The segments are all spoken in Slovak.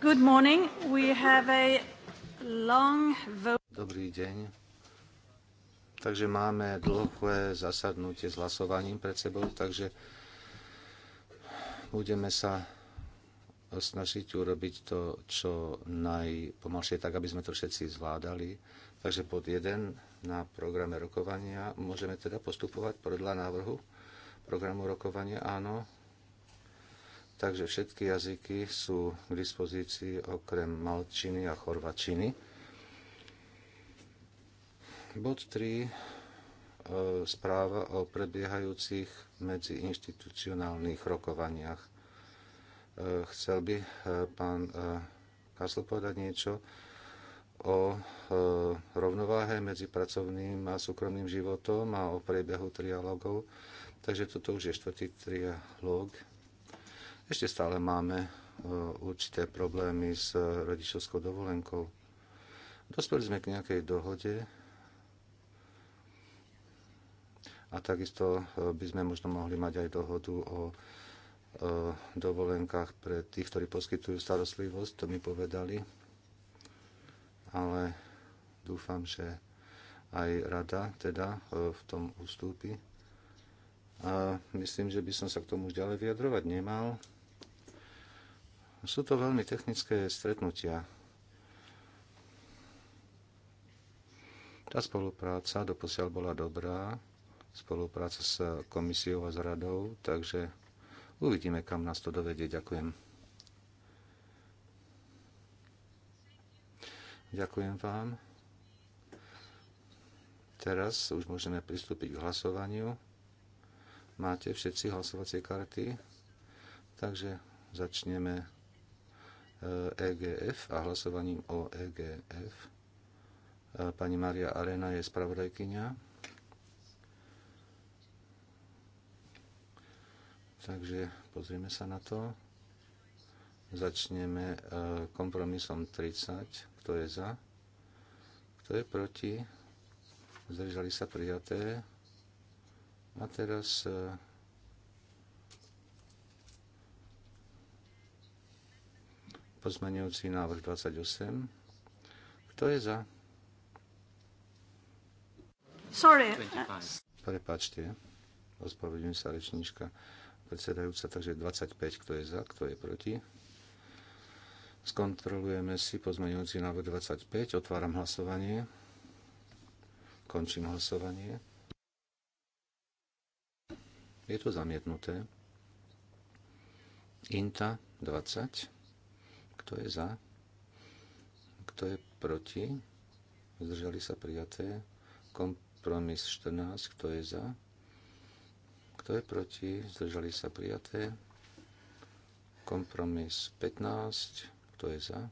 Good morning. We have a long Dobrý deň. Takže máme dlhé zasadnutie s hlasovaním pred sebou, takže budeme sa snažiť urobiť to, čo najpomalšie, tak aby sme to všetci zvládali. Takže pod jeden na programe rokovania môžeme teda postupovať podľa návrhu programu rokovania, áno, Takže všetky jazyky sú k dispozícii okrem malčiny a chorvačiny. Bod 3. E, správa o prebiehajúcich medziinstitucionálnych rokovaniach. E, chcel by e, pán Kasl povedať niečo o rovnováhe medzi pracovným a súkromným životom a o priebehu trialogov. Takže toto už je štvrtý trialóg ešte stále máme e, určité problémy s rodičovskou dovolenkou. Dospeli sme k nejakej dohode a takisto e, by sme možno mohli mať aj dohodu o e, dovolenkách pre tých, ktorí poskytujú starostlivosť, to mi povedali. Ale dúfam, že aj rada teda v tom ustúpi. A myslím, že by som sa k tomu už ďalej vyjadrovať nemal. Sú to veľmi technické stretnutia. Tá spolupráca doposiaľ bola dobrá, spolupráca s komisiou a s radou, takže uvidíme, kam nás to dovedie. Ďakujem. Ďakujem vám. Teraz už môžeme pristúpiť k hlasovaniu. Máte všetci hlasovacie karty, takže začneme EGF a hlasovaním o EGF. Pani Maria Arena je spravodajkynia. Takže pozrieme sa na to. Začneme e, kompromisom 30. Kto je za? Kto je proti? Zdržali sa prijaté. A teraz e, pozmeňujúci návrh 28. Kto je za? Sorry. Prepačte. Ospravedlňujem sa rečníčka predsedajúca, takže 25, kto je za, kto je proti. Skontrolujeme si pozmeňujúci návrh 25, otváram hlasovanie, končím hlasovanie. Je to zamietnuté. INTA 20. Kto je za? Kto je proti? Zdržali sa prijaté. Kompromis 14. Kto je za? Kto je proti? Zdržali sa prijaté. Kompromis 15. Kto je za?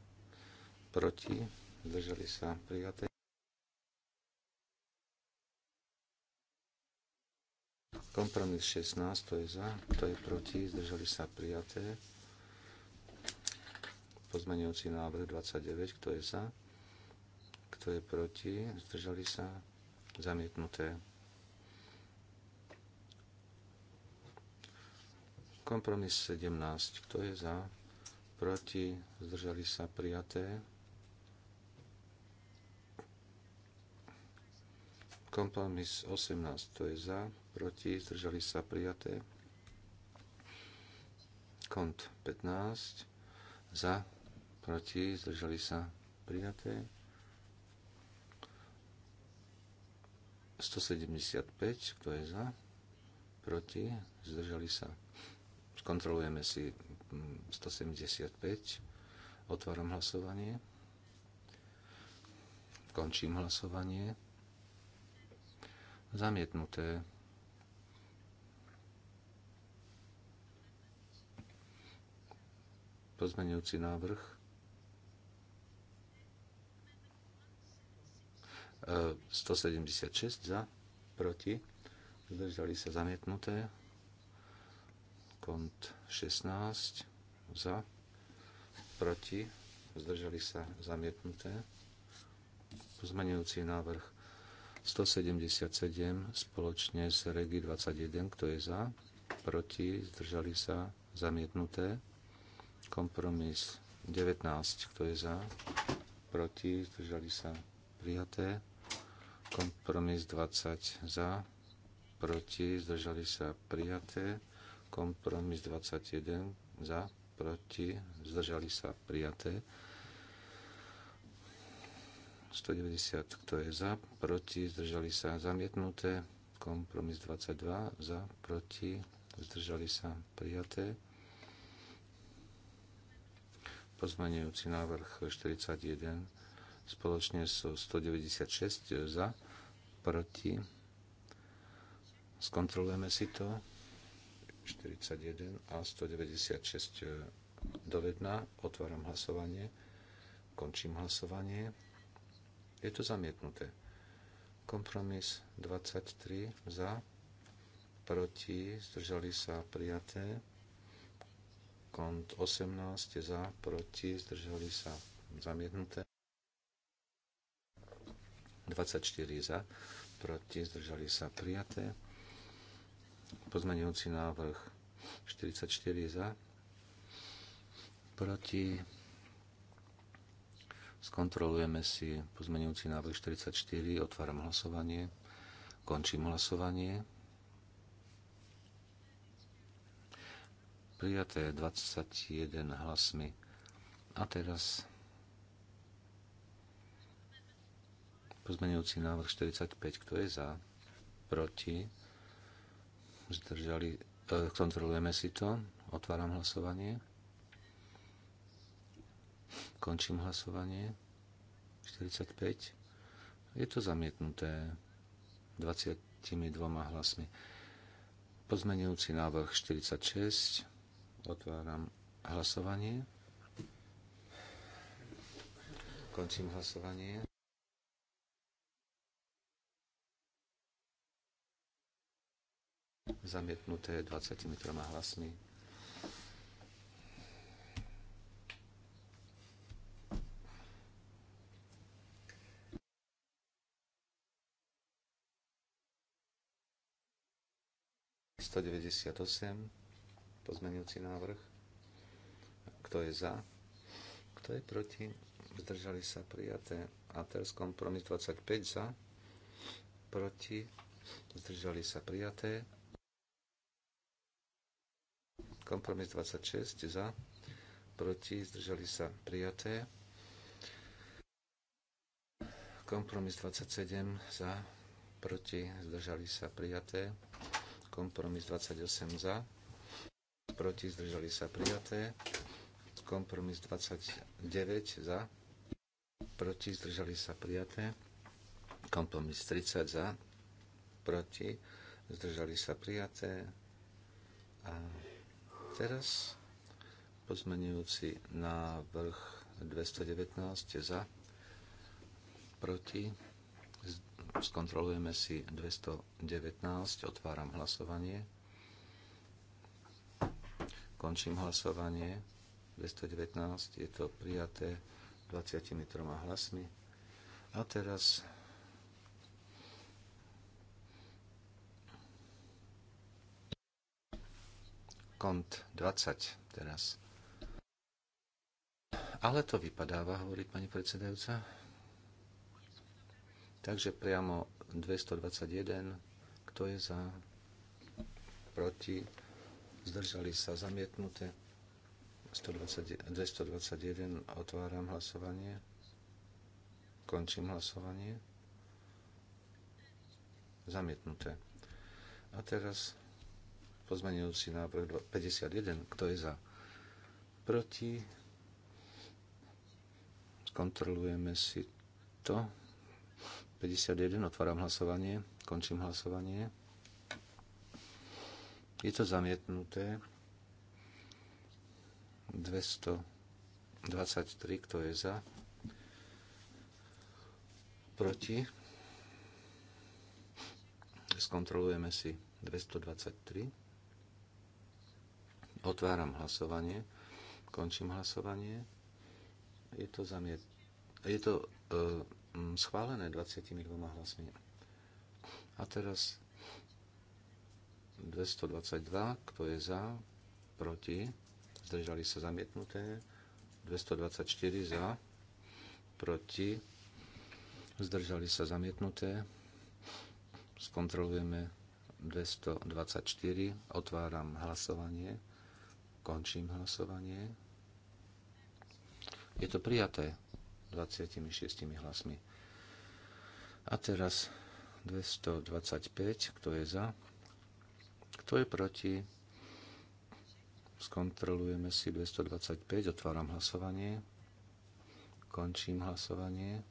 Proti? Zdržali sa prijaté. Kompromis 16, to je za, to je proti, zdržali sa prijaté pozmeňujúci návrh 29, kto je za? Kto je proti? Zdržali sa? Zamietnuté. Kompromis 17, kto je za? Proti? Zdržali sa? Prijaté. Kompromis 18, kto je za? Proti? Zdržali sa? Prijaté. Kont 15, za? proti, zdržali sa prijaté. 175, kto je za, proti, zdržali sa. Skontrolujeme si 175, mm, otváram hlasovanie, končím hlasovanie, zamietnuté. Pozmenujúci návrh 176 za, proti, zdržali sa zamietnuté, kont 16 za, proti, zdržali sa zamietnuté, pozmenujúci návrh 177 spoločne s Regi 21, kto je za, proti, zdržali sa zamietnuté, kompromis 19, kto je za, proti, zdržali sa prijaté, Kompromis 20 za, proti, zdržali sa prijaté. Kompromis 21 za, proti, zdržali sa prijaté. 190, kto je za, proti, zdržali sa zamietnuté. Kompromis 22 za, proti, zdržali sa prijaté. Pozmenujúci návrh 41 spoločne so 196 eh, za, proti. Skontrolujeme si to. 41 a 196 dovedná. Eh, Otváram hlasovanie. Končím hlasovanie. Je to zamietnuté. Kompromis 23 za, proti, zdržali sa prijaté. Kont 18 za, proti, zdržali sa zamietnuté. 24 za, proti, zdržali sa prijaté. Pozmeňujúci návrh 44 za, proti. Skontrolujeme si pozmeňujúci návrh 44, otváram hlasovanie, končím hlasovanie. Prijaté 21 hlasmi. A teraz Pozmenujúci návrh 45, kto je za? Proti? Zdržali? E, kontrolujeme si to. Otváram hlasovanie. Končím hlasovanie. 45. Je to zamietnuté 22 hlasmi. Pozmenujúci návrh 46. Otváram hlasovanie. Končím hlasovanie. Zamietnuté 23 hlasmi. Sto deväťdesiat pozmenujúci návrh. Kto je za? Kto je proti? Zdržali sa prijaté. A teraz kompromis 25 za. Proti? Zdržali sa prijaté. Kompromis 26 za, proti, zdržali sa prijaté. Kompromis 27 za, proti, zdržali sa prijaté. Kompromis 28 za, proti, zdržali sa prijaté. Kompromis 29 za, proti, zdržali sa prijaté. Kompromis 30 za, proti, zdržali sa prijaté. A Teraz pozmenujúci na vrch 219 za, proti. Skontrolujeme si 219, otváram hlasovanie. Končím hlasovanie. 219, je to prijaté 23 hlasmi. A teraz kont 20 teraz. Ale to vypadáva, hovorí pani predsedajúca. Takže priamo 221, kto je za, proti, zdržali sa zamietnuté. 120, 221, otváram hlasovanie, končím hlasovanie, zamietnuté. A teraz pozmeňujúci návrh 51. Kto je za? Proti? Kontrolujeme si to. 51. Otváram hlasovanie. Končím hlasovanie. Je to zamietnuté. 223, kto je za? Proti? Skontrolujeme si 223. Otváram hlasovanie. Končím hlasovanie. Je to, zamiet... je to uh, schválené 22 hlasmi. A teraz 222, kto je za, proti, zdržali sa zamietnuté, 224 za, proti, zdržali sa zamietnuté, skontrolujeme 224, otváram hlasovanie, Končím hlasovanie. Je to prijaté 26 hlasmi. A teraz 225, kto je za, kto je proti. Skontrolujeme si 225, otváram hlasovanie. Končím hlasovanie.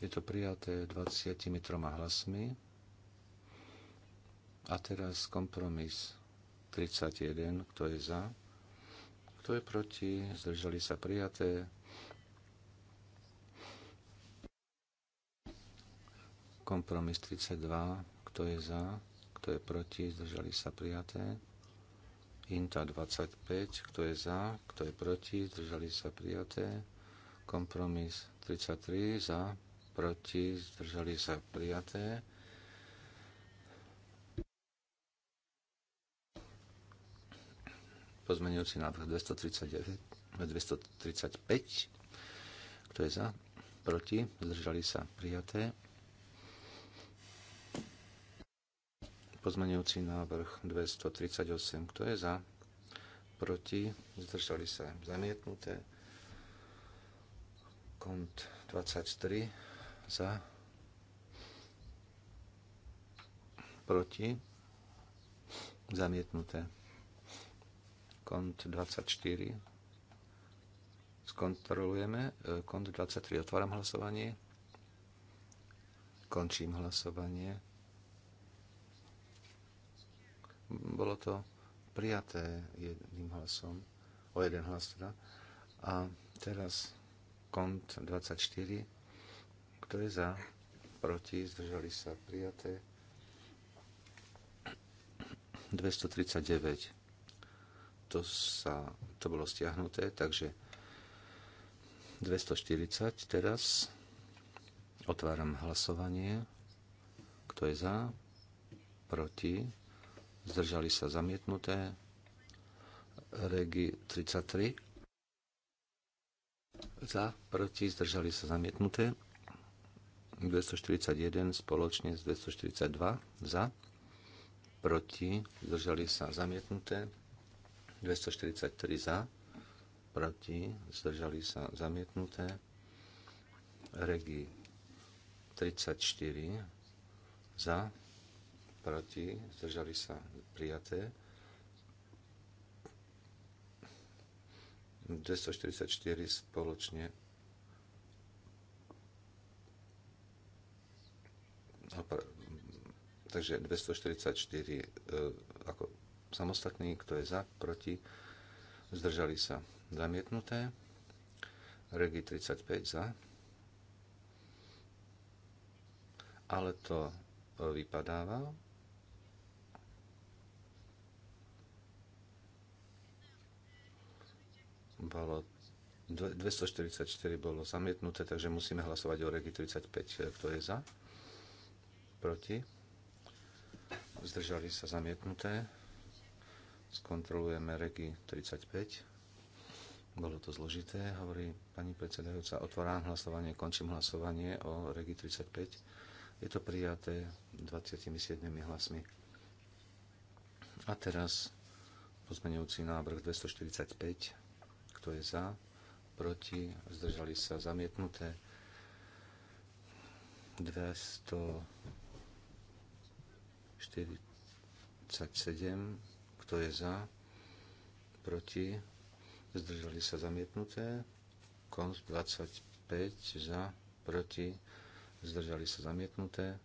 Je to prijaté 23 hlasmi. A teraz kompromis 31, kto je za, kto je proti, zdržali sa prijaté. Kompromis 32, kto je za, kto je proti, zdržali sa prijaté. Inta 25, kto je za, kto je proti, zdržali sa prijaté. Kompromis 33, za, proti, zdržali sa prijaté. Pozmenujúci návrh 239, 235. Kto je za? Proti? Zdržali sa? Prijaté. Pozmenujúci návrh 238. Kto je za? Proti? Zdržali sa? Zamietnuté. Kont 23. Za? Proti? Zamietnuté kont 24. Skontrolujeme e, kont 23. Otváram hlasovanie. Končím hlasovanie. Bolo to prijaté jedným hlasom, o jeden hlas teda. A teraz kont 24. Kto je za? Proti? Zdržali sa prijaté. 239 to, sa, to bolo stiahnuté, takže 240 teraz. Otváram hlasovanie. Kto je za? Proti? Zdržali sa zamietnuté. Regi 33. Za, proti, zdržali sa zamietnuté. 241 spoločne s 242 za, proti, zdržali sa zamietnuté. 243 za, proti, zdržali sa zamietnuté. Regi 34 za, proti, zdržali sa prijaté. 244 spoločne takže 244 e, ako samostatný, kto je za, proti, zdržali sa zamietnuté. Regi 35 za. Ale to e, vypadáva. Bolo 244 bolo zamietnuté, takže musíme hlasovať o Regi 35. E, kto je za? Proti? Zdržali sa zamietnuté. Skontrolujeme regi 35. Bolo to zložité, hovorí pani predsedajúca. Otváram hlasovanie, končím hlasovanie o regi 35. Je to prijaté 27 hlasmi. A teraz pozmenujúci návrh 245. Kto je za? Proti? Zdržali sa zamietnuté. 247 kto je za? Proti? Zdržali sa zamietnuté. Kont 25 za, proti, zdržali sa zamietnuté.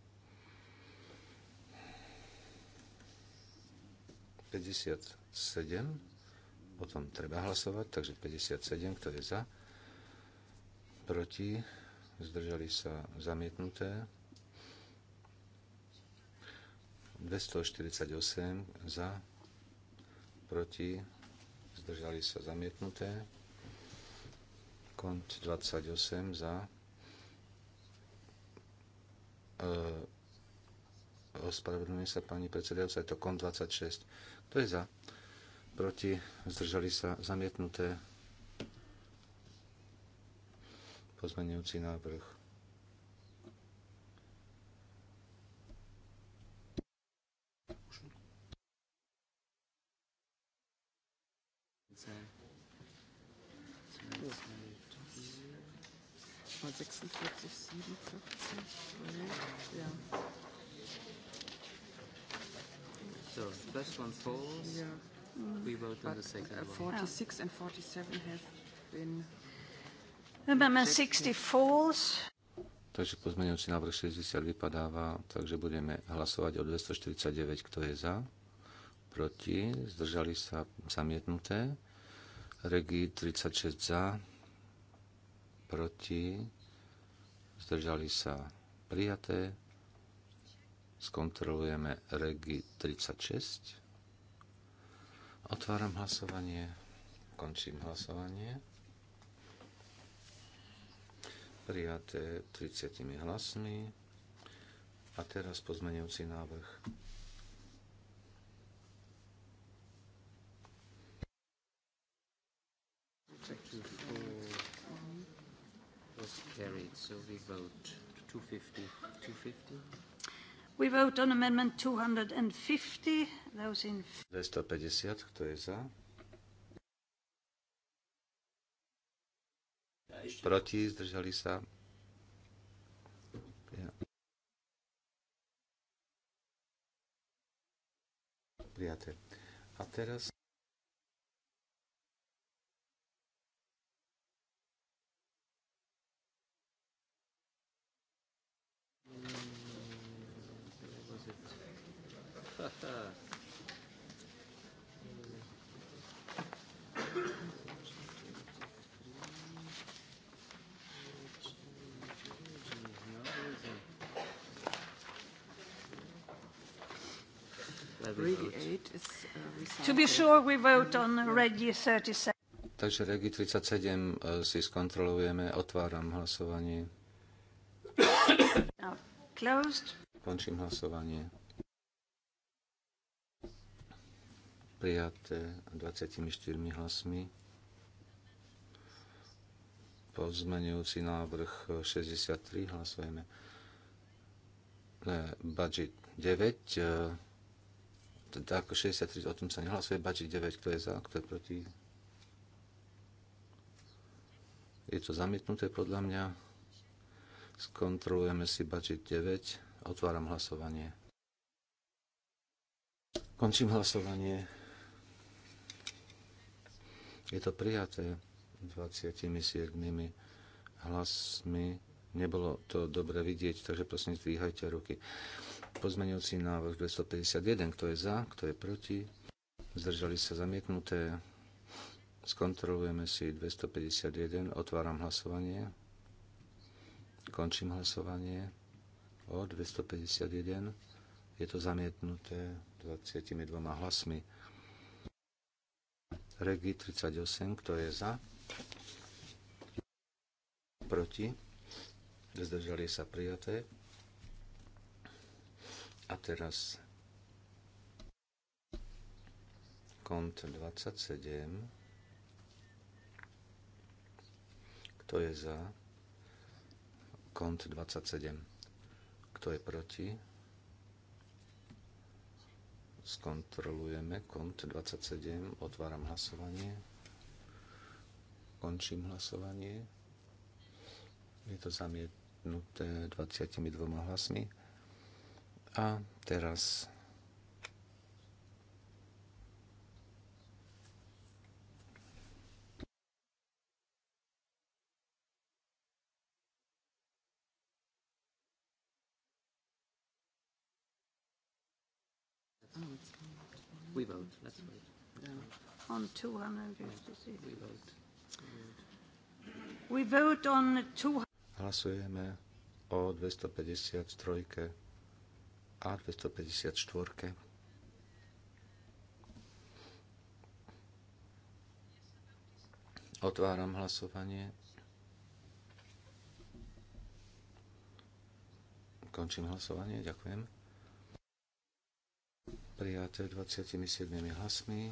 57, o tom treba hlasovať, takže 57, kto je za, proti, zdržali sa zamietnuté. 248 za, proti, zdržali sa zamietnuté. Kont 28 za. E, ospravedlňuje sa pani predsedajúca, je to kont 26. Kto je za? Proti, zdržali sa zamietnuté. Pozmenujúci návrh 46, 47, ja. So, this one falls. Yeah. We vote on the second uh, one. 46 and 47 have been... Amendment 60 falls. Takže pozmeňujúci návrh 60 vypadáva, takže budeme hlasovať o 249, kto je za, proti, zdržali sa zamietnuté, regi 36 za, proti, zdržali sa prijaté. Skontrolujeme regi 36. Otváram hlasovanie, končím hlasovanie. Prijaté 30 hlasmi. A teraz pozmenujúci návrh. Thank you. So we vote 250. 250? We vote on amendment 250. Those in 250, kto je za? Proti, zdržali sa. Prijaté. A teraz Takže Regi 37 uh, si skontrolujeme. Otváram hlasovanie. Closed. Končím hlasovanie. Prijaté 24 hlasmi. Pozmenujúci návrh 63 hlasujeme. Budget 9. Tak 63, o tom sa nehlasuje. Budget 9, kto je za, kto je proti. Je to zamietnuté podľa mňa. Skontrolujeme si budget 9. Otváram hlasovanie. Končím hlasovanie. Je to prijaté 27 hlasmi. Nebolo to dobre vidieť, takže prosím, zdvíhajte ruky. Pozmeňujúci návrh 251. Kto je za, kto je proti? Zdržali sa zamietnuté. Skontrolujeme si 251. Otváram hlasovanie. Končím hlasovanie o 251. Je to zamietnuté 22 hlasmi. Regi 38, kto je za? Proti? Zdržali sa prijaté. A teraz kont 27. Kto je za? kont 27. Kto je proti? Skontrolujeme kont 27. Otváram hlasovanie. Končím hlasovanie. Je to zamietnuté 22 hlasmi. A teraz Let's wait. on 256. We vote. We vote on two... Hlasujeme o 253 a 254. Otváram hlasovanie. Končím hlasovanie. Ďakujem prijaté 27 hlasmi.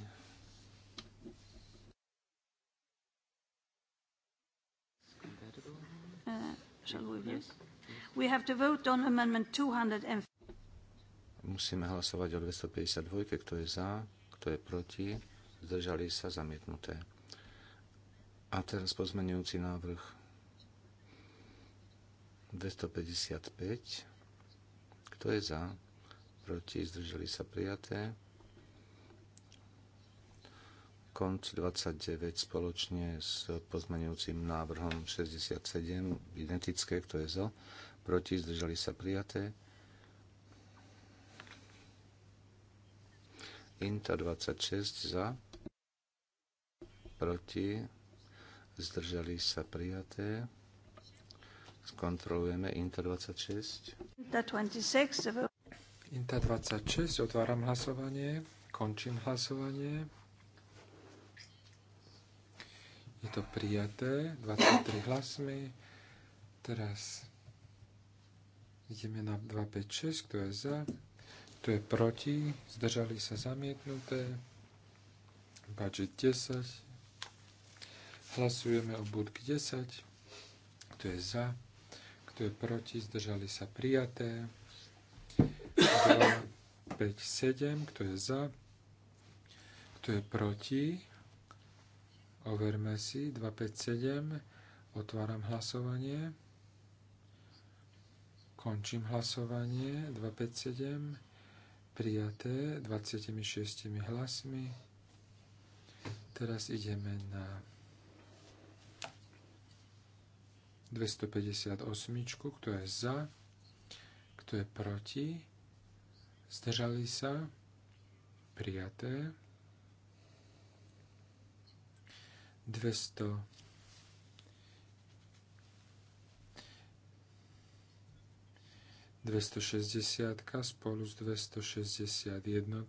Uh, Musíme hlasovať o 252, kto je za, kto je proti, zdržali sa zamietnuté. A teraz pozmenujúci návrh 255. Kto je za? proti, zdržali sa prijaté. Konc 29 spoločne s pozmenujúcim návrhom 67, identické, kto je za, proti, zdržali sa prijaté. Inta 26 za, proti, zdržali sa prijaté. Skontrolujeme Inta 26. Inta 26. Inta 26, otváram hlasovanie, končím hlasovanie. Je to prijaté, 23 hlasmi. Teraz ideme na 256, kto je za, kto je proti, zdržali sa zamietnuté. Budget 10. Hlasujeme o budk 10. Kto je za, kto je proti, zdržali sa prijaté. 2, 5, 7, kto je za, kto je proti. Overme si 2, 5, 7. Otváram hlasovanie. Končím hlasovanie 257 prijaté 26 hlasmi. Teraz ideme na 258, kto je za, kto je proti zdržali sa, prijaté. 200 260 spolu s 261,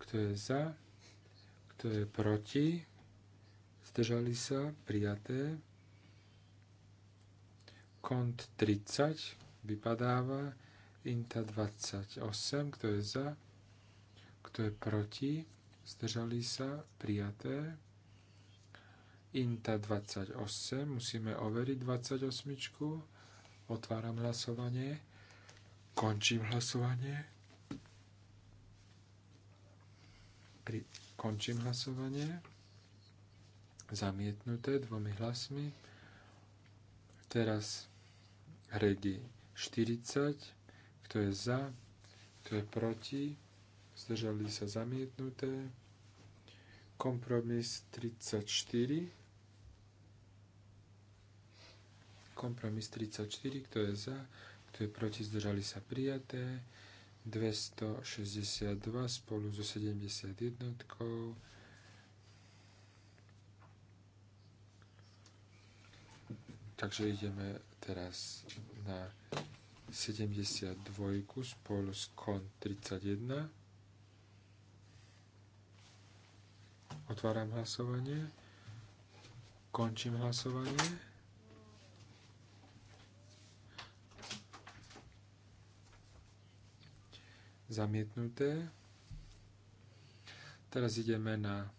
kto je za, kto je proti, zdržali sa, prijaté. Kont 30 vypadáva, Inta 28, kto je za, kto je proti, zdržali sa, prijaté. Inta 28, musíme overiť 28. Otváram hlasovanie, končím hlasovanie. Pri, končím hlasovanie. Zamietnuté dvomi hlasmi. Teraz regi 40 kto je za? Kto je proti? Zdržali sa zamietnuté. Kompromis 34. Kompromis 34. Kto je za? Kto je proti? Zdržali sa prijaté. 262 spolu so 71. jednotkou. Takže ideme teraz na 72 spolu s kon 31. Otváram hlasovanie. Končím hlasovanie. Zamietnuté. Teraz ideme na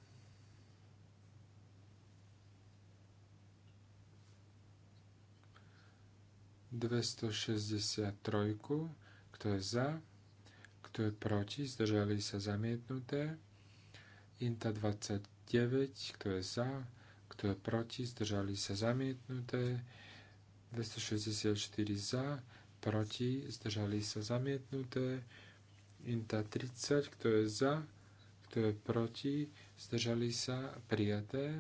263. Kto je za? Kto je proti? Zdržali sa zamietnuté. Inta 29. Kto je za? Kto je proti? Zdržali sa zamietnuté. 264 za, proti, zdržali sa zamietnuté. Inta 30, kto je za, kto je proti, zdržali sa prijaté.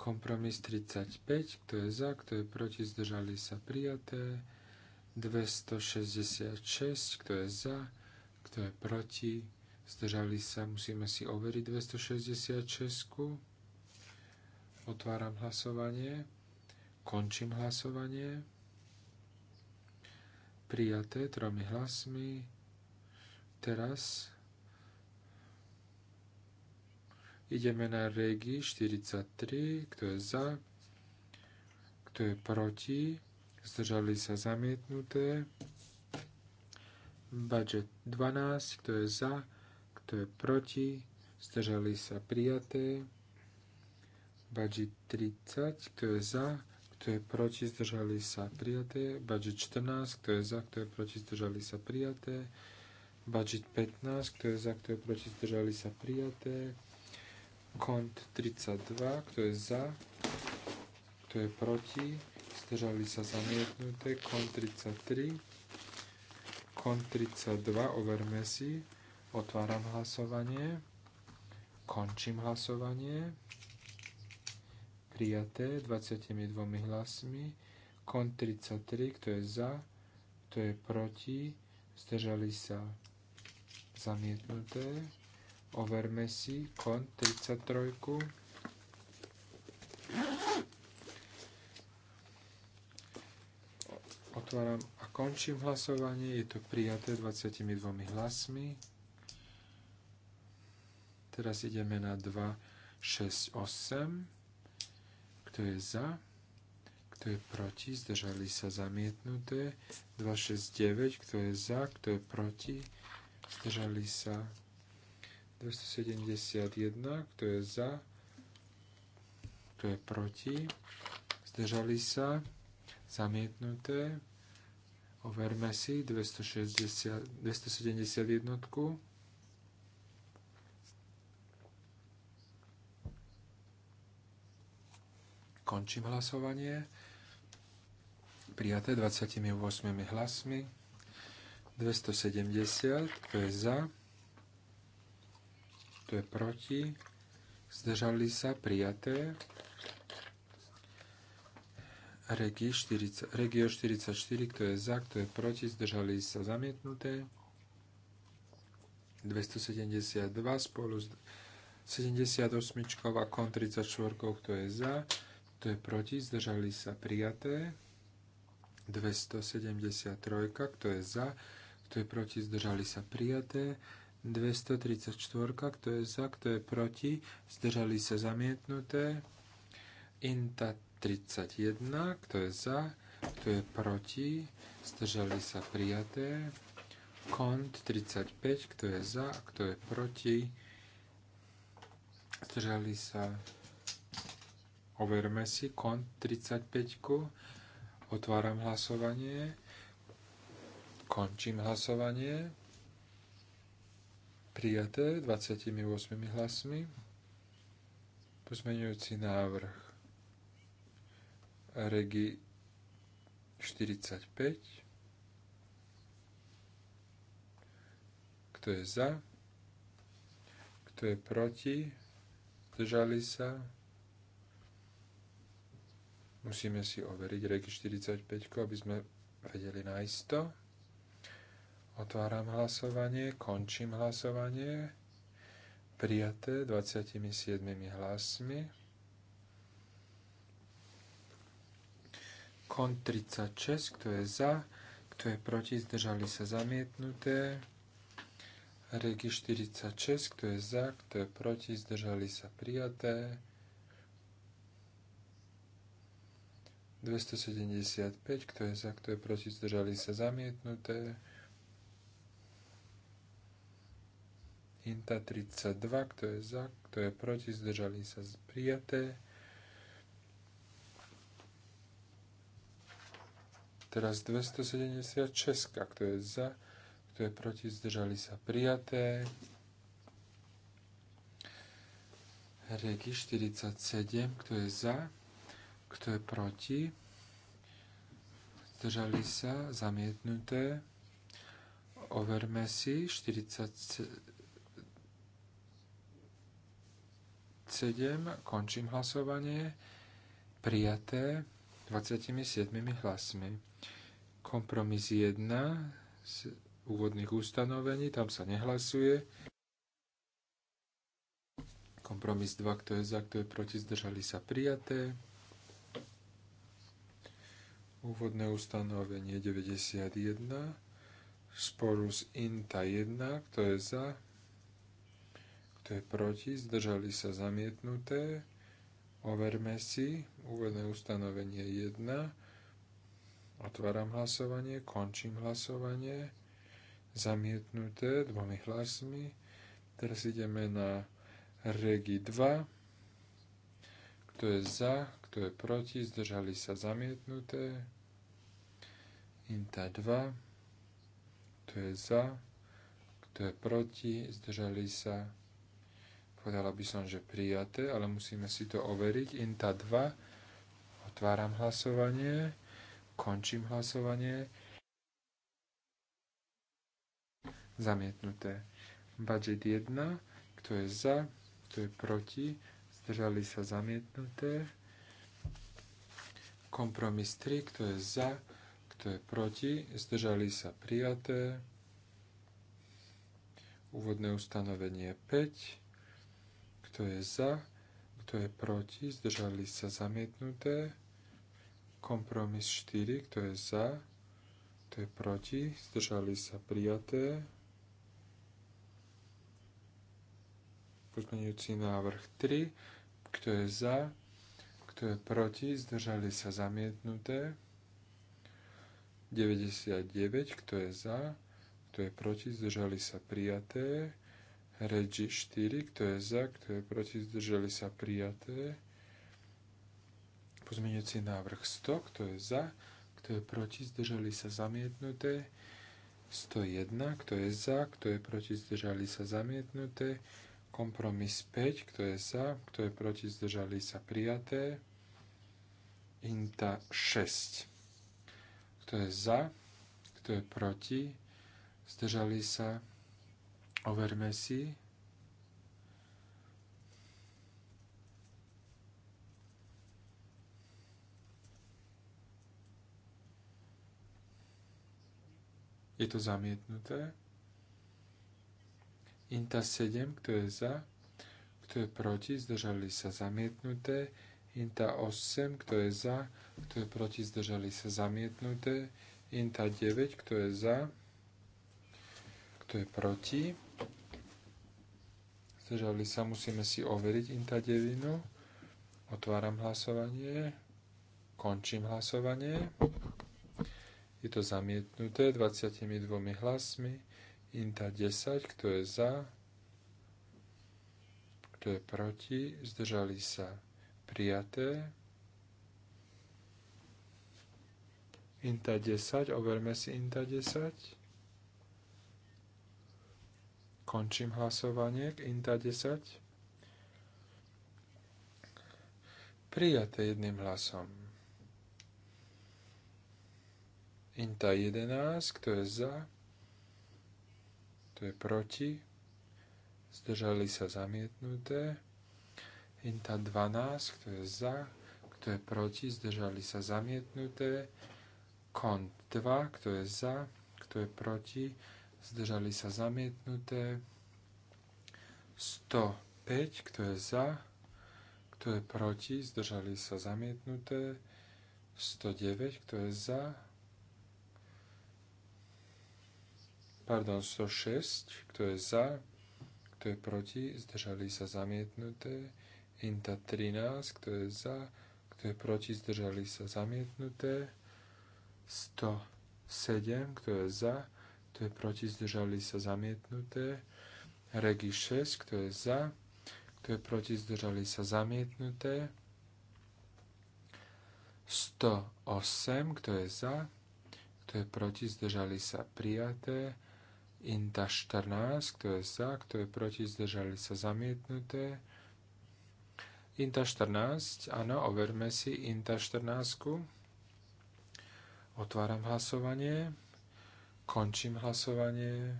Kompromis 35, kto je za, kto je proti, zdržali sa prijaté. 266, kto je za, kto je proti, zdržali sa, musíme si overiť 266. Otváram hlasovanie, končím hlasovanie. Prijaté tromi hlasmi. Teraz Ideme na regi 43, kto je za, kto je proti, zdržali sa zamietnuté. Budget 12, kto je za, kto je proti, zdržali sa prijaté. Budget 30, kto je za, kto je proti, zdržali sa prijaté. Budget 14, kto je za, kto je proti, zdržali sa prijaté. Budget 15, kto je za, kto je proti, zdržali sa prijaté kont 32, kto je za, kto je proti, zdržali sa zamietnuté, kont 33, kont 32, overme si, otváram hlasovanie, končím hlasovanie, prijaté 22 hlasmi, kont 33, kto je za, kto je proti, zdržali sa zamietnuté, Overme si kon 33. Otváram a končím hlasovanie. Je to prijaté 22 hlasmi. Teraz ideme na 2, 6, 8. Kto je za? Kto je proti? Zdržali sa zamietnuté. 2, 6, 9. Kto je za? Kto je proti? Zdržali sa 271, kto je za, kto je proti, zdržali sa, zamietnuté, overme si 260, 271. Končím hlasovanie. Prijaté 28 hlasmi. 270, kto je za, kto je proti, zdržali sa, prijaté. Regio 40, Regio 44, kto je za, kto je proti, zdržali sa, zamietnuté. 272 spolu s 78 a kon 34, kto je za, kto je proti, zdržali sa, prijaté. 273, kto je za, kto je proti, zdržali sa, prijaté. 234, kto je za, kto je proti, zdržali sa zamietnuté. Inta 31, kto je za, kto je proti, zdržali sa prijaté. Kont 35, kto je za, kto je proti, zdržali sa. Overme si kont 35. Otváram hlasovanie. Končím hlasovanie. Prijaté 28 hlasmi. Pozmeňujúci návrh Regi 45. Kto je za? Kto je proti? Zdržali sa? Musíme si overiť Regi 45, aby sme vedeli nájsť to. Otváram hlasovanie, končím hlasovanie. Prijaté 27 hlasmi. Kon 36, kto je za, kto je proti, zdržali sa zamietnuté. Regi 46, kto je za, kto je proti, zdržali sa prijaté. 275, kto je za, kto je proti, zdržali sa zamietnuté. INTA 32, kto je za, kto je proti, zdržali sa prijaté. Teraz 276, kto je za, kto je proti, zdržali sa prijaté. Regi 47, kto je za, kto je proti, zdržali sa, zamietnuté overme si 47 27. Končím hlasovanie. Prijaté 27 hlasmi. Kompromis 1 z úvodných ustanovení, tam sa nehlasuje. Kompromis 2, kto je za, kto je proti, zdržali sa prijaté. Úvodné ustanovenie 91 sporus INTA 1, kto je za, kto je proti, zdržali sa zamietnuté. Overme si úvodné ustanovenie 1. Otváram hlasovanie, končím hlasovanie. Zamietnuté dvomi hlasmi. Teraz ideme na regi 2. Kto je za, kto je proti, zdržali sa zamietnuté. Inta 2. Kto je za, kto je proti, zdržali sa zamietnuté Povedala by som, že prijaté, ale musíme si to overiť. Inta 2. Otváram hlasovanie. Končím hlasovanie. Zamietnuté. Budget 1. Kto je za? Kto je proti? Zdržali sa zamietnuté. Kompromis 3. Kto je za? Kto je proti? Zdržali sa prijaté úvodné ustanovenie 5, kto je za? Kto je proti? Zdržali sa zamietnuté. Kompromis 4. Kto je za? Kto je proti? Zdržali sa prijaté. Pozmeňujúci návrh 3. Kto je za? Kto je proti? Zdržali sa zamietnuté. 99. Kto je za? Kto je proti? Zdržali sa prijaté. Regi 4, kto je za, kto je proti, zdržali sa prijaté. Pozmeňujúci návrh 100, kto je za, kto je proti, zdržali sa zamietnuté. 101, kto je za, kto je proti, zdržali sa zamietnuté. Kompromis 5, kto je za, kto je proti, zdržali sa prijaté. Inta 6, kto je za, kto je proti, zdržali sa Overme si. Je to zamietnuté. Inta 7, kto je za, kto je proti, zdržali sa zamietnuté. Inta 8, kto je za, kto je proti, zdržali sa zamietnuté. Inta 9, kto je za, kto je proti zdržali sa, musíme si overiť INTA 9. Otváram hlasovanie, končím hlasovanie. Je to zamietnuté 22 hlasmi. Inta 10, kto je za, kto je proti, zdržali sa prijaté. Inta 10, overme si Inta 10. Končím hlasovanie k INTA 10. Prijaté jedným hlasom. INTA 11, kto je za, kto je proti, zdržali sa zamietnuté. INTA 12, kto je za, kto je proti, zdržali sa zamietnuté. KONT 2, kto je za, kto je proti, zdržali sa zamietnuté. 105, kto je za, kto je proti, zdržali sa zamietnuté. 109, kto je za, pardon, 106, kto je za, kto je proti, zdržali sa zamietnuté. Inta 13, kto je za, kto je proti, zdržali sa zamietnuté. 107, kto je za, kto je proti, zdržali sa zamietnuté. Regi 6, kto je za, kto je proti, zdržali sa zamietnuté. 108, kto je za, kto je proti, zdržali sa prijaté. Inta 14, kto je za, kto je proti, zdržali sa zamietnuté. Inta 14, áno, overme si Inta 14. Otváram hlasovanie. Končím hlasovanie.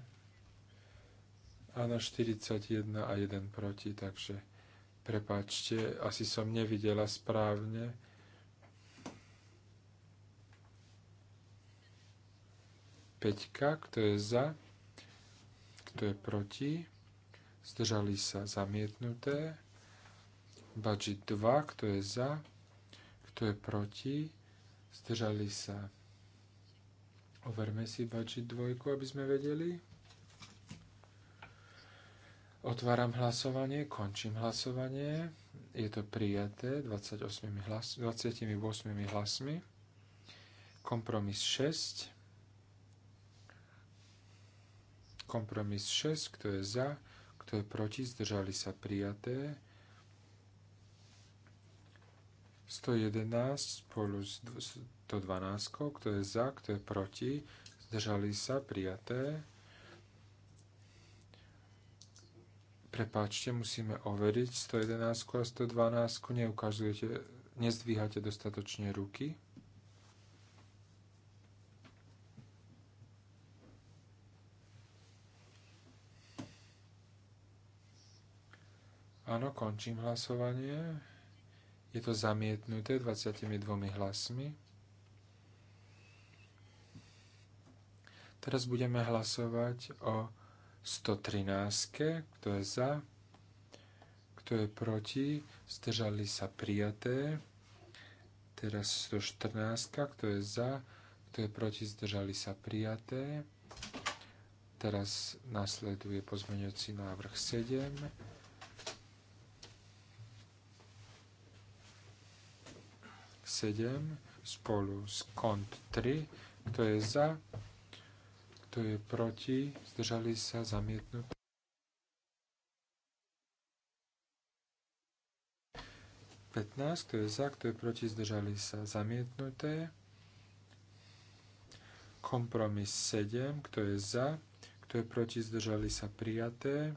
Áno, 41 a 1 proti, takže prepáčte, asi som nevidela správne. Peťka, kto je za, kto je proti, zdržali sa zamietnuté. Budget 2, kto je za, kto je proti, zdržali sa Overme si bačiť dvojku, aby sme vedeli. Otváram hlasovanie, končím hlasovanie. Je to prijaté 28 hlas, 28 hlasmi. Kompromis 6. Kompromis 6, kto je za, kto je proti, zdržali sa prijaté. 111 spolu s 12. kto je za, kto je proti, zdržali sa, prijaté. Prepáčte, musíme overiť 111 a 112, neukazujete, nezdvíhate dostatočne ruky. Áno, končím hlasovanie. Je to zamietnuté 22 hlasmi. Teraz budeme hlasovať o 113, kto je za, kto je proti, zdržali sa prijaté. Teraz 114, kto je za, kto je proti, zdržali sa prijaté. Teraz nasleduje pozmeňujúci návrh 7. Sedem spolu s kont 3, kto je za, kto je proti? Zdržali sa zamietnuté. Kto je za? Kto je proti? Zdržali sa zamietnuté. Kompromis 7. Kto je za? Kto je proti? Zdržali sa prijaté.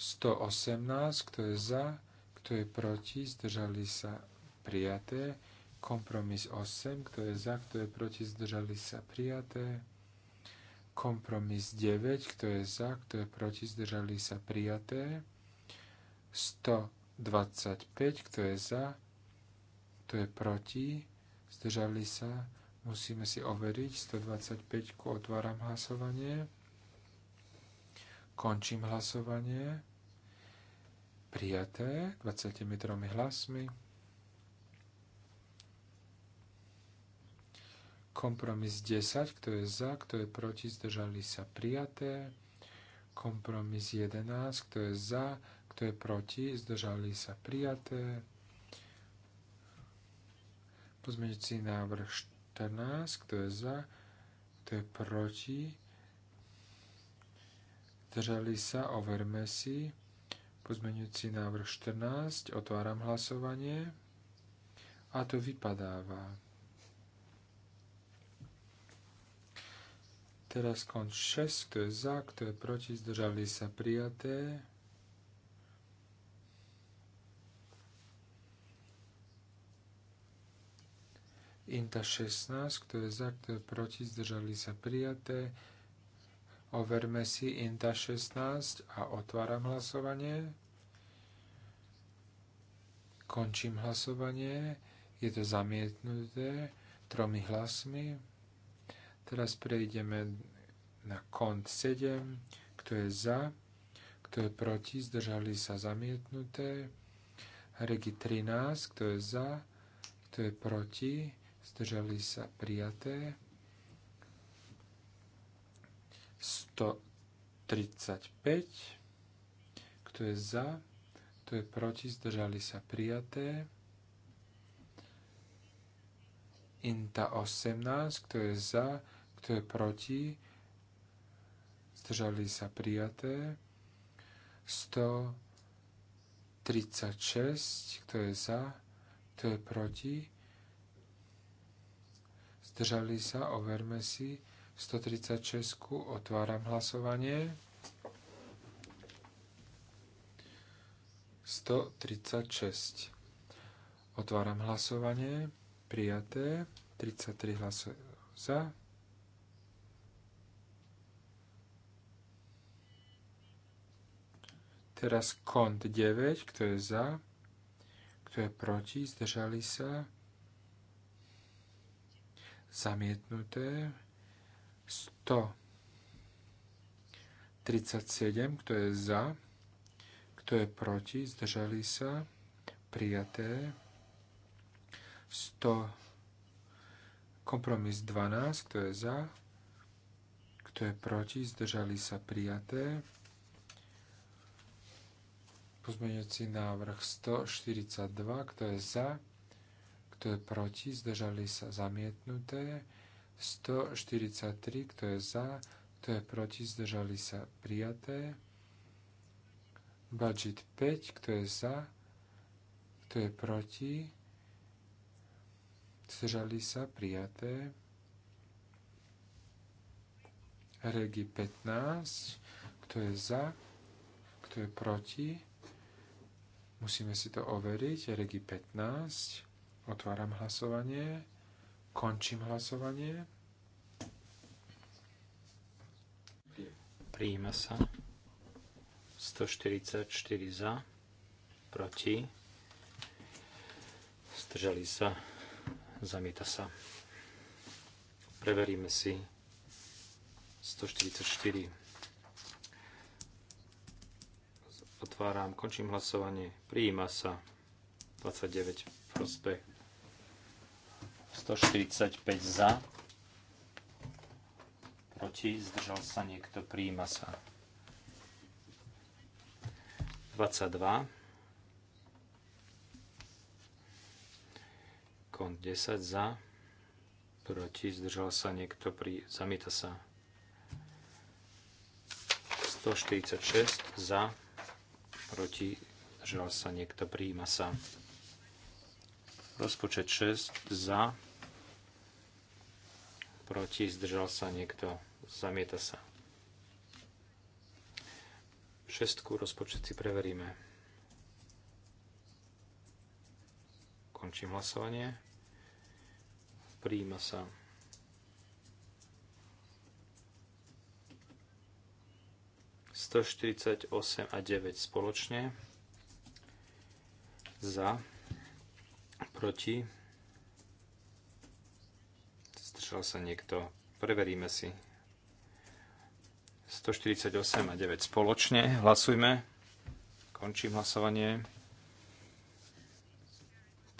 118. Kto je za? Kto je proti? Zdržali sa prijaté. Kompromis 8, kto je za, kto je proti, zdržali sa prijaté. Kompromis 9, kto je za, kto je proti, zdržali sa prijaté. 125, kto je za, kto je proti, zdržali sa. Musíme si overiť. 125, otváram hlasovanie. Končím hlasovanie. Prijaté 23 hlasmi. Kompromis 10, kto je za, kto je proti, zdržali sa prijaté. Kompromis 11, kto je za, kto je proti, zdržali sa prijaté. Pozmeňujúci návrh 14, kto je za, kto je proti, zdržali sa, overme si. Pozmeňujúci návrh 14, otváram hlasovanie a to vypadáva. Teraz konč 6, kto je za, kto je proti, zdržali sa prijaté. Inta 16, kto je za, kto je proti, zdržali sa prijaté. Overme si Inta 16 a otváram hlasovanie. Končím hlasovanie. Je to zamietnuté tromi hlasmi. Teraz prejdeme na kont 7, kto je za, kto je proti, zdržali sa zamietnuté. Regi 13, kto je za, kto je proti, zdržali sa prijaté. 135, kto je za, kto je proti, zdržali sa prijaté. Inta 18, kto je za, kto je proti, zdržali sa prijaté, 136, kto je za, kto je proti, zdržali sa, overme si, 136, otváram hlasovanie. 136. Otváram hlasovanie. Prijaté. 33 hlasov za. Teraz kont 9, kto je za, kto je proti, zdržali sa. Zamietnuté. 137, kto je za, kto je proti, zdržali sa. Prijaté. 100. Kompromis 12, kto je za, kto je proti, zdržali sa. Prijaté. Pozmeňujúci návrh 142, kto je za, kto je proti, zdržali sa zamietnuté. 143, kto je za, kto je proti, zdržali sa prijaté. Budget 5, kto je za, kto je proti, zdržali sa prijaté. Regi 15, kto je za, kto je proti, Musíme si to overiť. Regi 15. Otváram hlasovanie. Končím hlasovanie. Prijíma sa. 144 za. Proti. Zdržali sa. Zamieta sa. Preveríme si. 144. Otváram, končím hlasovanie. Prijíma sa 29 prospech. 145 za. Proti, zdržal sa niekto, prijíma sa. 22. Kont 10 za. Proti, zdržal sa niekto, pri, zamieta sa. 146 za proti, žal sa niekto, prijíma sa. Rozpočet 6 za, proti, zdržal sa niekto, zamieta sa. Šestku rozpočet si preveríme. Končím hlasovanie. Prijíma sa. 148 a 9 spoločne. Za, proti, zdržal sa niekto. Preveríme si. 148 a 9 spoločne. Hlasujme. Končím hlasovanie.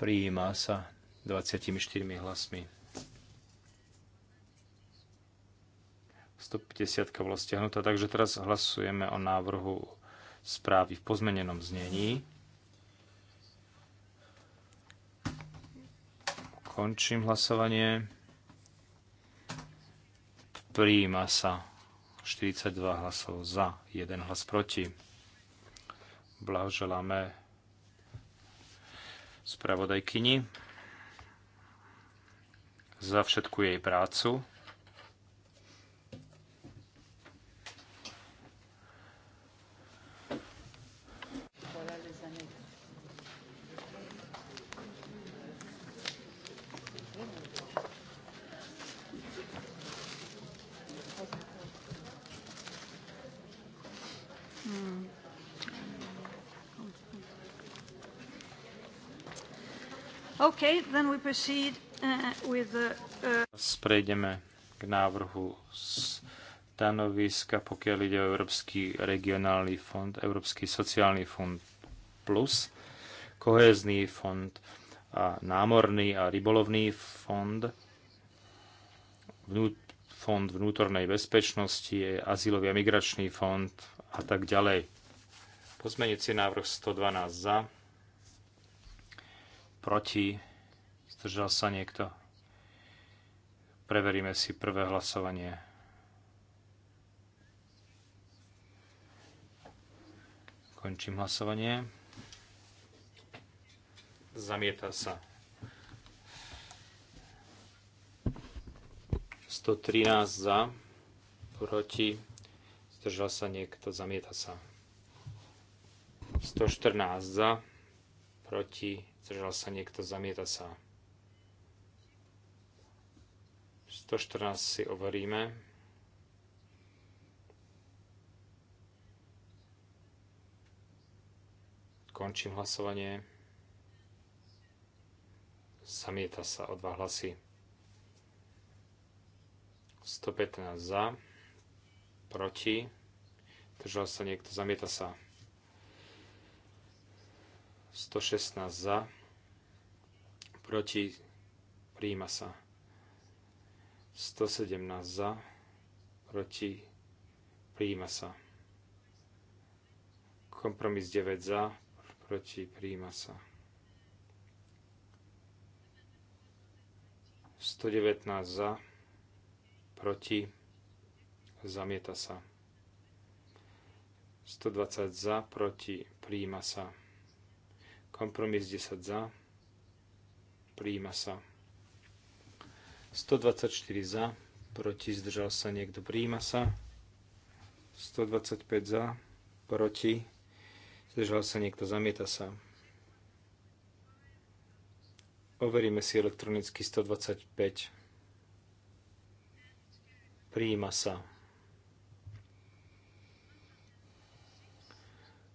Prijíma sa 24 hlasmi. 150 bola stiahnutá, takže teraz hlasujeme o návrhu správy v pozmenenom znení. Končím hlasovanie. Príjima sa 42 hlasov za, 1 hlas proti. Blahoželáme spravodajkyni za všetku jej prácu. Sprejdeme uh, uh, k návrhu stanoviska, pokiaľ ide o Európsky regionálny fond, Európsky sociálny fond plus, kohezný fond a námorný a rybolovný fond, fond vnútornej bezpečnosti, azylový a migračný fond a tak ďalej. si návrh 112 za, proti Zdržal sa niekto? Preveríme si prvé hlasovanie. Končím hlasovanie. Zamieta sa. 113 za, proti, zdržal sa niekto, zamieta sa. 114 za, proti, zdržal sa niekto, zamieta sa. 114 si overíme. Končím hlasovanie. Samieta sa o dva hlasy. 115 za, proti, držal sa niekto, zamieta sa. 116 za, proti, príjima sa. 117 za, proti, príjima sa. Kompromis 9 za, proti, príjima sa. 119 za, proti, zamieta sa. 120 za, proti, príjima sa. Kompromis 10 za, príjima sa. 124 za, proti, zdržal sa niekto, príjima sa. 125 za, proti, zdržal sa niekto, zamieta sa. Overíme si elektronicky 125. Príjima sa.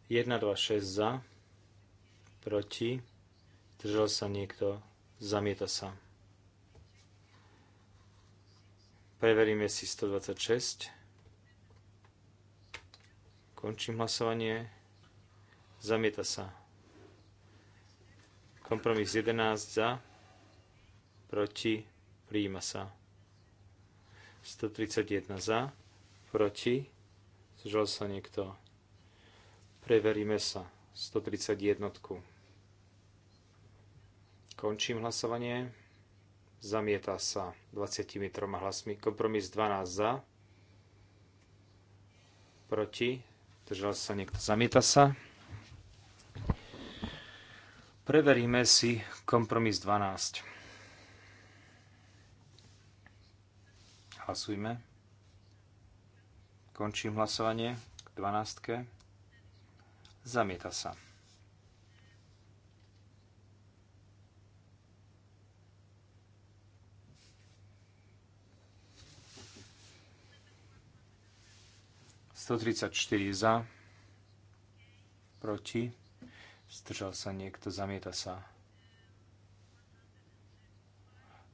1, 2, 6 za, proti, zdržal sa niekto, zamieta sa. Preveríme si 126. Končím hlasovanie. Zamieta sa. Kompromis 11 za. Proti. Prijíma sa. 131 za. Proti. Zdržal sa niekto. Preveríme sa. 131. Končím hlasovanie. Zamieta sa 23 hlasmi. Kompromis 12 za. Proti. Držal sa niekto. Zamieta sa. Preveríme si kompromis 12. Hlasujme. Končím hlasovanie k 12. Zamieta sa. 134 za, proti, zdržal sa niekto, zamieta sa.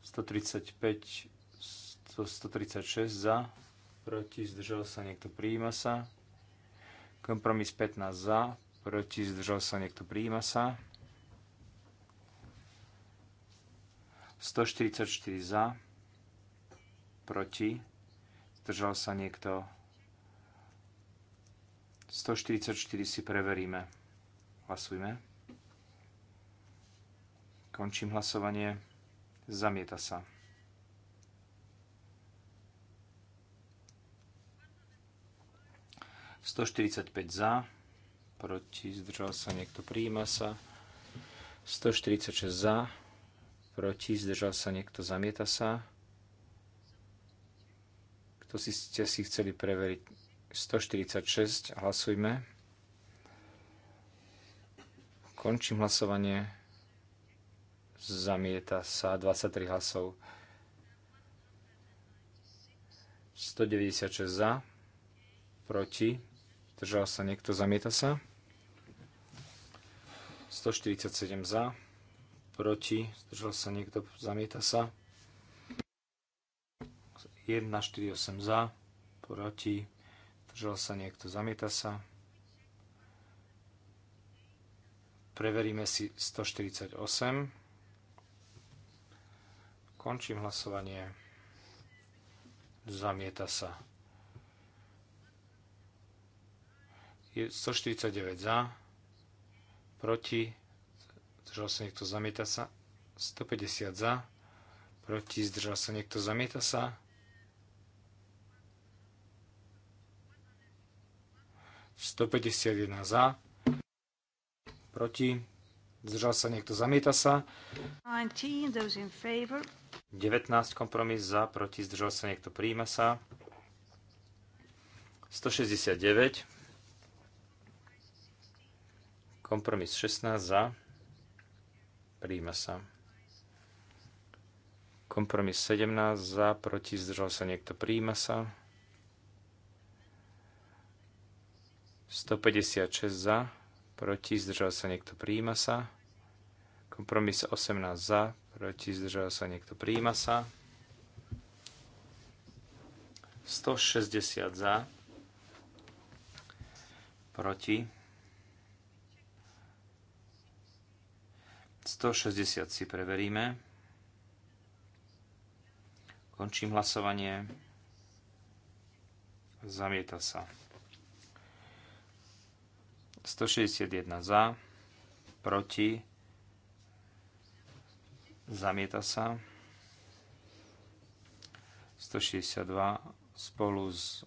135, 136 za, proti, zdržal sa niekto, prijíma sa. Kompromis 15 za, proti, zdržal sa niekto, prijíma sa. 144 za, proti, zdržal sa niekto, prijíma sa 144 si preveríme. Hlasujme. Končím hlasovanie. Zamieta sa. 145 za, proti, zdržal sa niekto, prijíma sa. 146 za, proti, zdržal sa niekto, zamieta sa. Kto si, ste si chceli preveriť 146. Hlasujme. Končím hlasovanie. Zamieta sa 23 hlasov. 196 za. Proti. Držal sa niekto. Zamieta sa. 147 za. Proti. Zdržal sa niekto. Zamieta sa. 148 za. Proti Zdržal sa niekto? Zamieta sa. Preveríme si 148. Končím hlasovanie. Zamieta sa. Je 149 za, proti, zdržal sa niekto, zamieta sa. 150 za, proti, zdržal sa niekto, zamieta sa. 151 za, proti, zdržal sa niekto, zamieta sa. 19 kompromis za, proti, zdržal sa niekto, príjma sa. 169 kompromis 16 za, príjma sa. Kompromis 17 za, proti, zdržal sa niekto, príjma sa. 156 za, proti, zdržal sa niekto, príjima sa. Kompromis 18 za, proti, zdržal sa niekto, príjima sa. 160 za, proti. 160 si preveríme. Končím hlasovanie. Zamieta sa. 161 za, proti, zamieta sa. 162 spolu s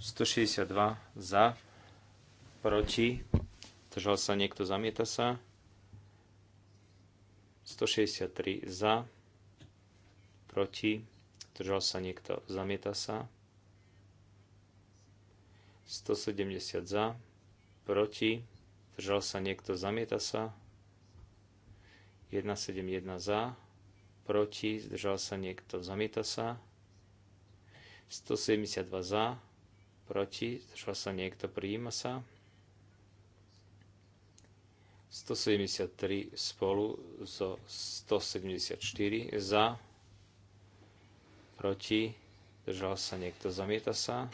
162 za, proti, držal sa niekto, zamieta sa. 163 za, proti, držal sa niekto, zamieta sa. 170 za, proti, zdržal sa niekto, zamieta sa. 171 za, proti, zdržal sa niekto, zamieta sa. 172 za, proti, zdržal sa niekto, prijíma sa. 173 spolu so 174 za, proti, zdržal sa niekto, zamieta sa.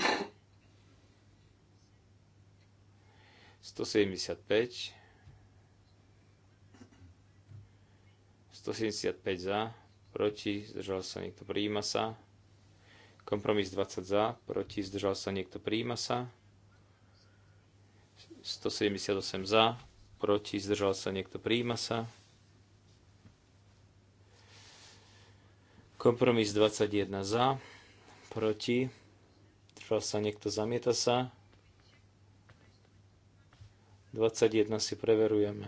175 175 za, proti, zdržal sa niekto, prijíma sa. Kompromis 20 za, proti, zdržal sa niekto, prijíma sa. 178 za, proti, zdržal sa niekto, prijíma sa. Kompromis 21 za, proti, zdržal sa niekto, zamieta sa. 21 si preverujeme.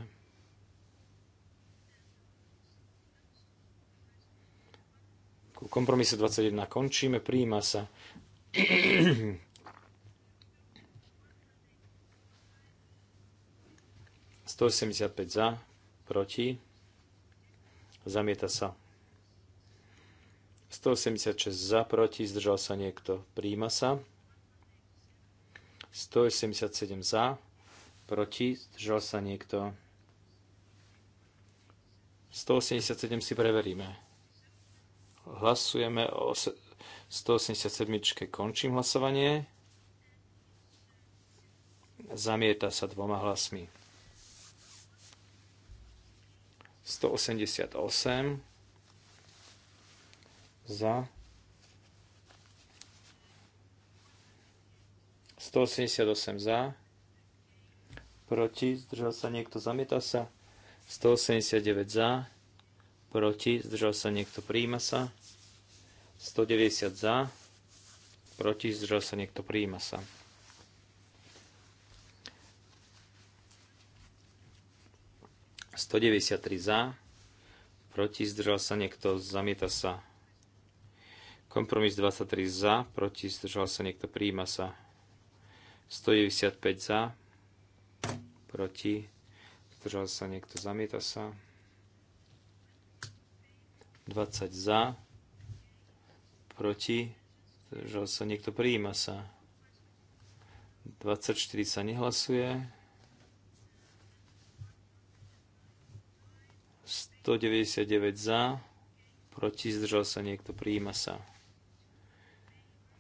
Ku 21 končíme, prijíma sa. 185 za, proti, zamieta sa. 186 za, proti, zdržal sa niekto, príjma sa. 187 za, Proti? Zdržal sa niekto? 187 si preveríme. Hlasujeme o 187. Končím hlasovanie. Zamieta sa dvoma hlasmi. 188 za 188 za proti, zdržal sa niekto, zamieta sa. 189 za, proti, zdržal sa niekto, príjima sa. 190 za, proti, zdržal sa niekto, príjima sa. za, proti, zdržal sa niekto, zamieta sa. Kompromis 23 za, proti, zdržal sa niekto, príjima sa. 195 za, proti, zdržal sa niekto, zamieta sa. 20 za, proti, zdržal sa niekto, prijíma sa. 24 sa nehlasuje. 199 za, proti, zdržal sa niekto, prijíma sa.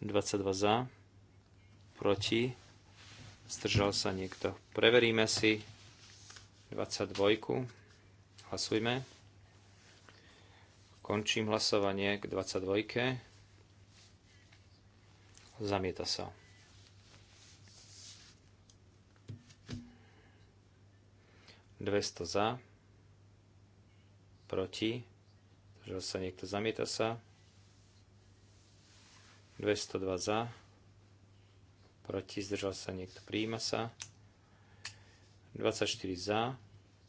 22 za, proti, Zdržal sa niekto. Preveríme si 22. Hlasujme. Končím hlasovanie k 22. Zamieta sa. Dvesto za. Proti. Zdržal sa niekto. Zamieta sa. 202 za proti, zdržal sa niekto, príjima sa. 24 za,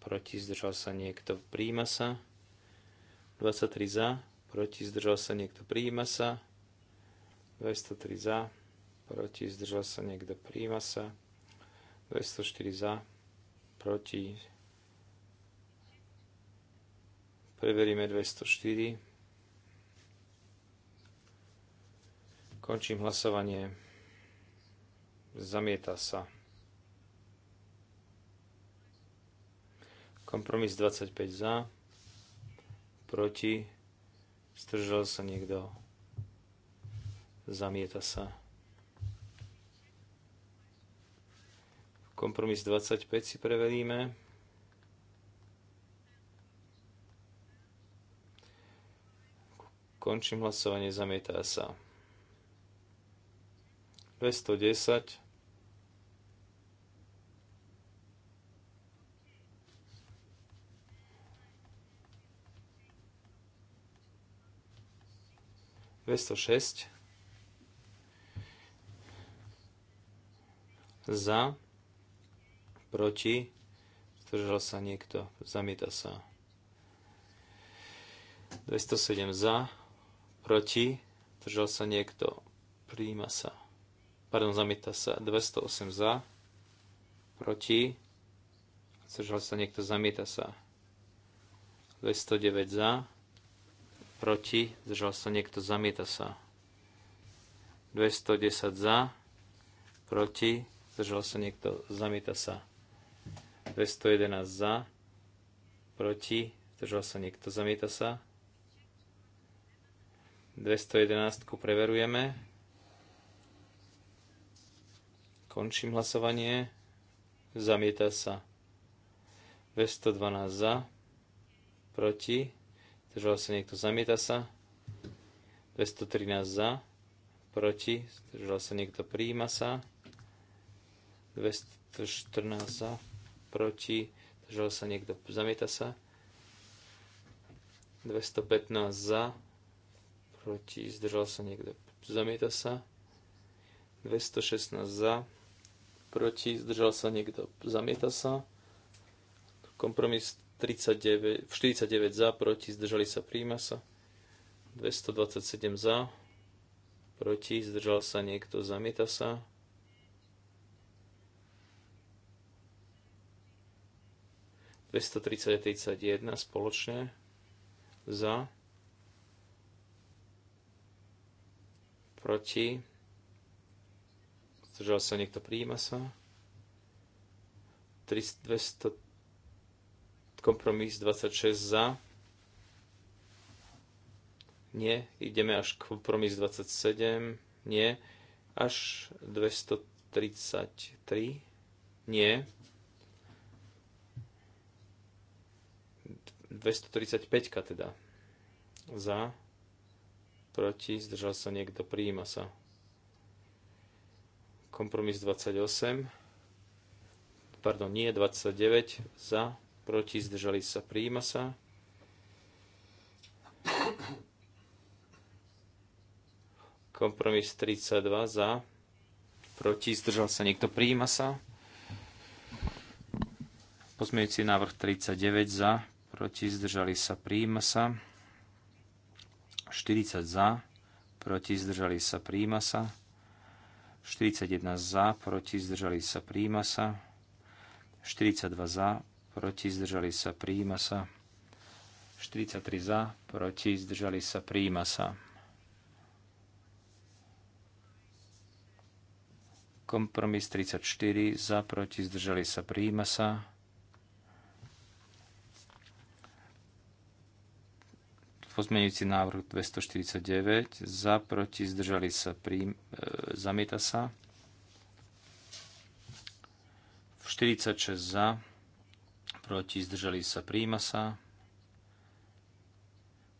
proti, zdržal sa niekto, príjima sa. 23 za, proti, zdržal sa niekto, príjima sa. 203 za, proti, zdržal sa niekto, príjima sa. 204 za, proti. Preveríme 204. Končím hlasovanie. Zamieta sa. Kompromis 25 za. Proti. Zdržal sa niekto. Zamieta sa. Kompromis 25 si preveríme. Končím hlasovanie, zamietá sa. 210 206 za, proti, zdržal sa niekto, zamieta sa. 207 za, proti, zdržal sa niekto, prijíma sa. Pardon, zamieta sa. 208 za, proti, zdržal sa niekto, zamieta sa. 209 za, proti, zdržal sa niekto, zamieta sa. 210 za, proti, zdržal sa niekto, zamieta sa. 211 za, proti, zdržal sa niekto, zamieta sa. 211 preverujeme. Končím hlasovanie. Zamieta sa. 212 za, proti, zdržal sa niekto, zamieta sa. 213 za, proti, zdržal sa niekto, prijíma sa. 214 za, proti, zdržal sa niekto, zamieta sa. 215 za, proti, zdržal sa niekto, zamieta sa. 216 za, proti, zdržal sa niekto, zamieta sa. Kompromis 39, 49 za, proti, zdržali sa, príjma sa. 227 za, proti, zdržal sa niekto, zamieta sa. 230 31 spoločne za proti zdržal sa niekto, prijíma sa 3, 200 Kompromis 26 za. Nie. Ideme až kompromis 27. Nie. Až 233. Nie. 235 teda. Za. Proti. Zdržal sa niekto. Prijíma sa. Kompromis 28. Pardon, nie. 29. Za proti, zdržali sa, príjima sa. Kompromis 32 za, proti, zdržal sa, niekto príjima sa. Pozmejúci návrh 39 za, proti, zdržali sa, príjima sa. 40 za, proti, zdržali sa, príjima sa. 41 za, proti, zdržali sa, príjima sa. 42 za, proti, zdržali sa, prijíma sa. 43 za, proti, zdržali sa, prijíma sa. Kompromis 34, za, proti, zdržali sa, prijíma sa. Pozmeňujúci návrh 249, za, proti, zdržali sa, príjma, e, zamieta sa. 46 za, proti, zdržali sa, príjma sa.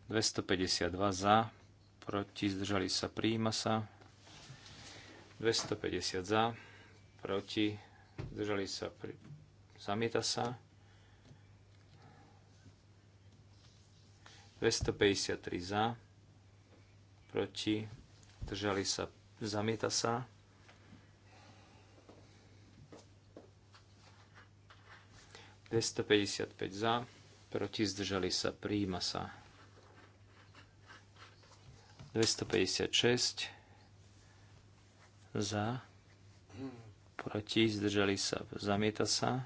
252 za, proti, zdržali sa, príjma sa. 250 za, proti, zdržali sa, pri... zamieta sa. 253 za, proti, zdržali sa, zamieta sa. 255 za, proti zdržali sa, príjima sa. 256 za, proti zdržali sa, zamieta sa.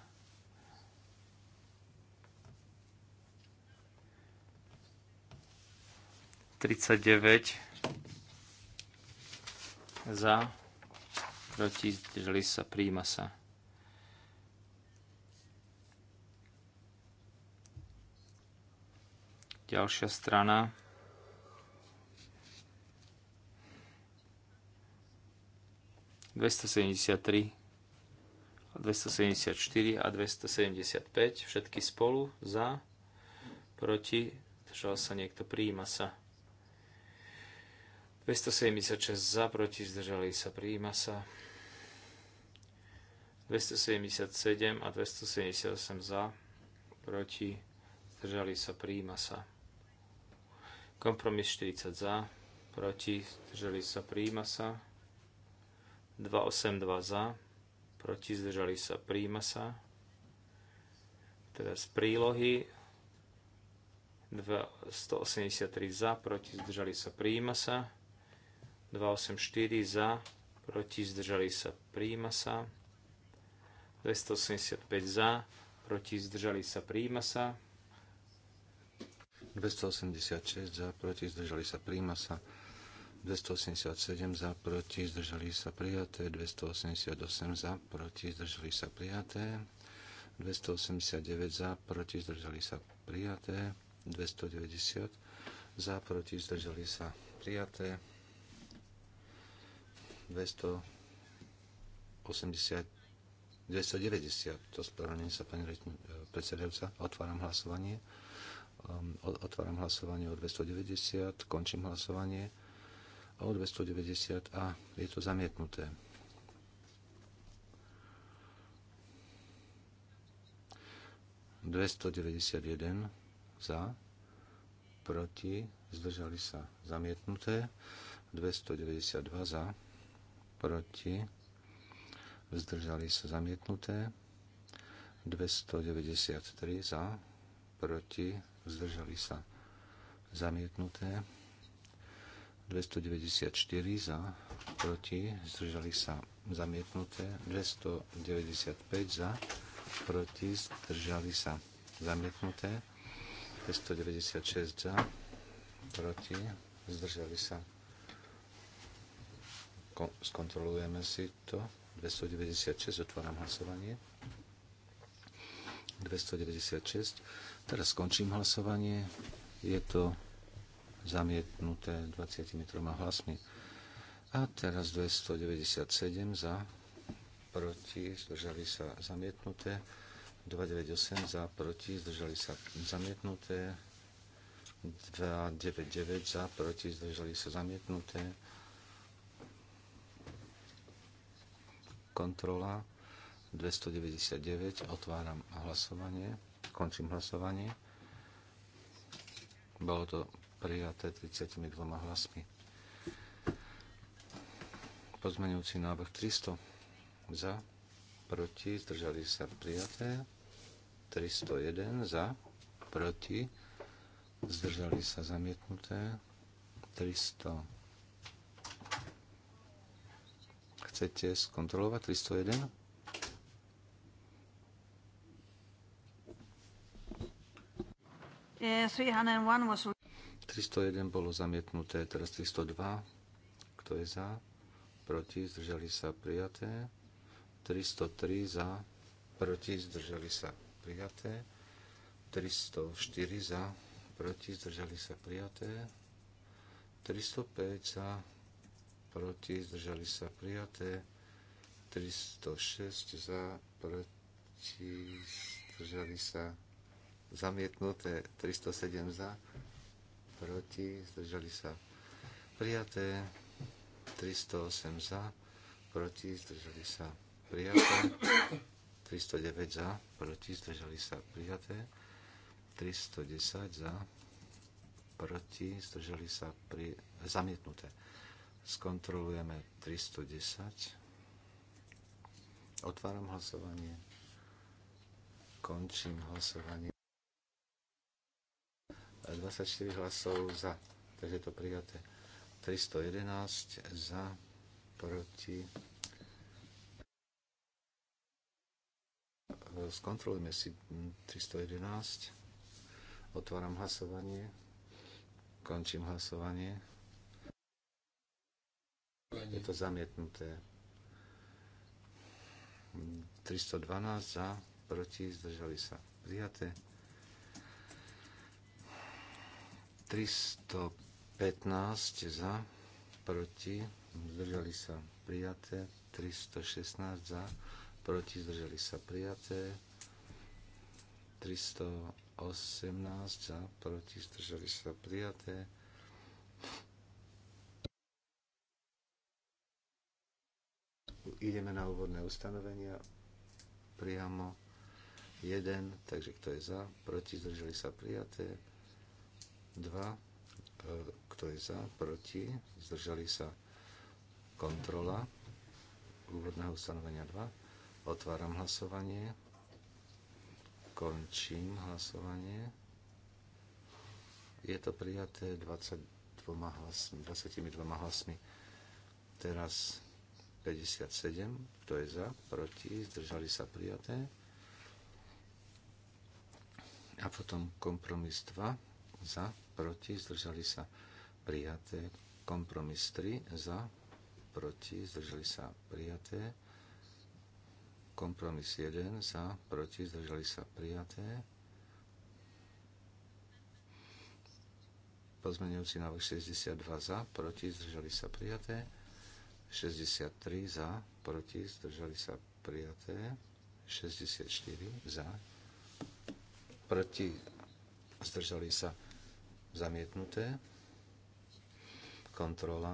39 za, proti zdržali sa, príjima sa. Ďalšia strana. ...273, 274 a 275, všetky spolu, za, proti, zdržal sa niekto, prijíma sa. 276 za, proti, zdržali sa, prijíma sa. 277 a 278 za, proti, zdržali sa, prijíma sa. Kompromis 40 za, proti, zdržali sa, príjma sa. 282 za, proti, zdržali sa, príjma sa. Teraz prílohy. 183 za, proti, zdržali sa, príjma sa. 284 za, proti, zdržali sa, príjma sa. 285 za, proti, zdržali sa, príjma sa. 286 za, proti, zdržali sa, príjma sa. 287 za, proti, zdržali sa, prijaté. 288 za, proti, zdržali sa, prijaté. 289 za, proti, zdržali sa, prijaté. 290 za, proti, zdržali sa, prijaté. 280 290, to spravedlňuje sa pani eh, predsedajúca, otváram hlasovanie. Ehm, otváram hlasovanie o 290, končím hlasovanie o 290 a je to zamietnuté. ...291 za, proti, zdržali sa zamietnuté, 292 za, proti, zdržali sa zamietnuté, 293 za, proti, zdržali sa zamietnuté. 294 za, proti, zdržali sa zamietnuté. 295 za, proti, zdržali sa zamietnuté. 296 za, proti, zdržali sa. Ko- skontrolujeme si to. 296, otváram hlasovanie. 296. Teraz skončím hlasovanie. Je to zamietnuté 23 hlasmi. A teraz 297 za, proti, zdržali sa zamietnuté. 298 za, proti, zdržali sa zamietnuté. 299 za, proti, zdržali sa zamietnuté. Kontrola 299, otváram hlasovanie. Končím hlasovanie. Bolo to prijaté 32 hlasmi. Pozmenujúci návrh 300 za, proti, zdržali sa prijaté. 301 za, proti, zdržali sa zamietnuté. 300 chcete skontrolovať 301? 301 bolo zamietnuté, teraz 302. Kto je za? Proti, zdržali sa prijaté. 303 za, proti, zdržali sa prijaté. 304 za, proti, zdržali sa prijaté. 305 za, proti, zdržali sa prijaté. 306 za, proti, zdržali sa prijaté zamietnuté 307 za, proti, zdržali sa prijaté 308 za, proti, zdržali sa prijaté 309 za, proti, zdržali sa prijaté 310 za, proti, zdržali sa pri, zamietnuté. Skontrolujeme 310. Otváram hlasovanie. Končím hlasovanie. 24 hlasov za, takže to prijaté. 311 za, proti. E, Skontrolujme si 311. Otváram hlasovanie. Končím hlasovanie. Je to zamietnuté. 312 za, proti, zdržali sa. Prijaté. 315 za, proti, zdržali sa prijaté, 316 za, proti, zdržali sa prijaté, 318 za, proti, zdržali sa prijaté, ideme na úvodné ustanovenia priamo 1, takže kto je za, proti, zdržali sa prijaté, 2. E, kto je za? Proti? Zdržali sa? Kontrola úvodného ustanovenia 2. Otváram hlasovanie. Končím hlasovanie. Je to prijaté 22 hlasmi, 22 hlasmi. Teraz 57. Kto je za? Proti? Zdržali sa prijaté. A potom kompromis 2 za, proti, zdržali sa prijaté. Kompromis 3 za, proti, zdržali sa prijaté. Kompromis 1 za, proti, zdržali sa prijaté. Pozmeňujúci návrh 62 za, proti, zdržali sa prijaté. 63 za, proti, zdržali sa prijaté. 64 za, proti, zdržali sa prijaté Zamietnuté. Kontrola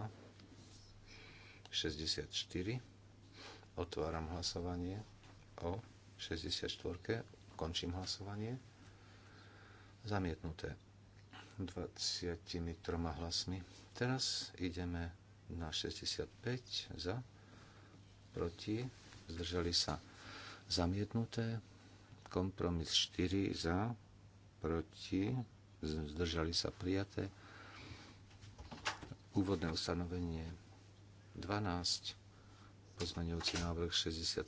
64. Otváram hlasovanie o 64. Končím hlasovanie. Zamietnuté 23 hlasmi. Teraz ideme na 65 za, proti, zdržali sa zamietnuté, kompromis 4 za, proti, zdržali sa prijaté. Úvodné ustanovenie 12, pozmeňujúci návrh 67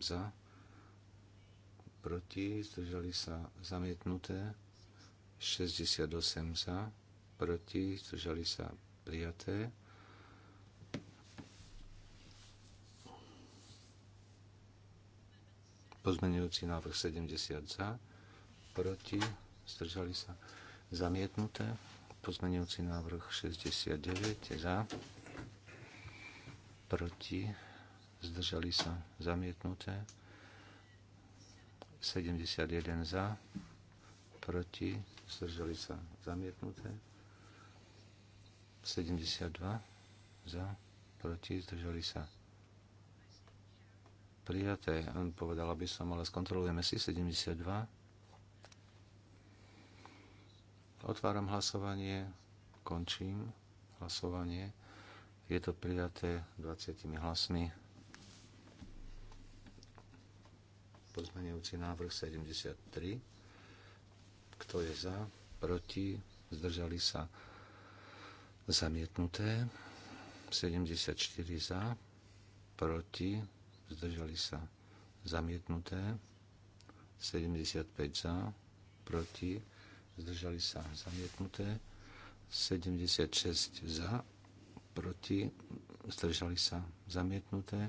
za, proti, zdržali sa zamietnuté, 68 za, proti, zdržali sa prijaté. Pozmeňujúci návrh 70 za, proti, zdržali sa prijaté Zamietnuté. Pozmenujúci návrh 69 je za. Proti. Zdržali sa. Zamietnuté. 71 za. Proti. Zdržali sa. Zamietnuté. 72 za. Proti. Zdržali sa. Prijaté. Povedala by som, ale skontrolujeme si 72. Otváram hlasovanie, končím hlasovanie. Je to prijaté 20 hlasmi. Pozmenujúci návrh 73. Kto je za? Proti? Zdržali sa? Zamietnuté. 74 za. Proti? Zdržali sa? Zamietnuté. 75 za. Proti? zdržali sa zamietnuté, 76 za, proti, zdržali sa zamietnuté,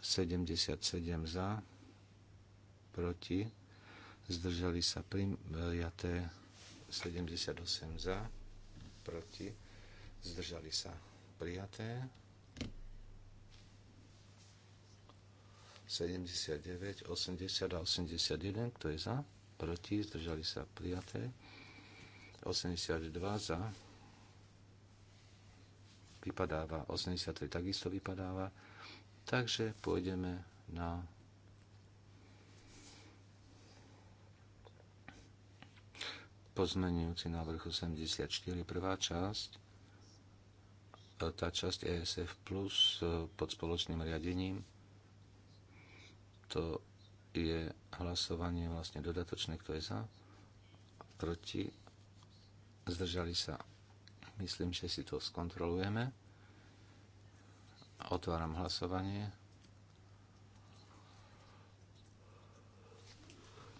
77 za, proti, zdržali sa prijaté, 78 za, proti, zdržali sa prijaté, 79, 80 a 81, kto je za? proti, zdržali sa prijaté. 82 za, vypadáva, 83 takisto vypadáva. Takže pôjdeme na pozmenujúci návrh 84, prvá časť. E, tá časť ESF Plus e, pod spoločným riadením to je hlasovanie vlastne dodatočné, kto je za, proti, zdržali sa. Myslím, že si to skontrolujeme. Otváram hlasovanie.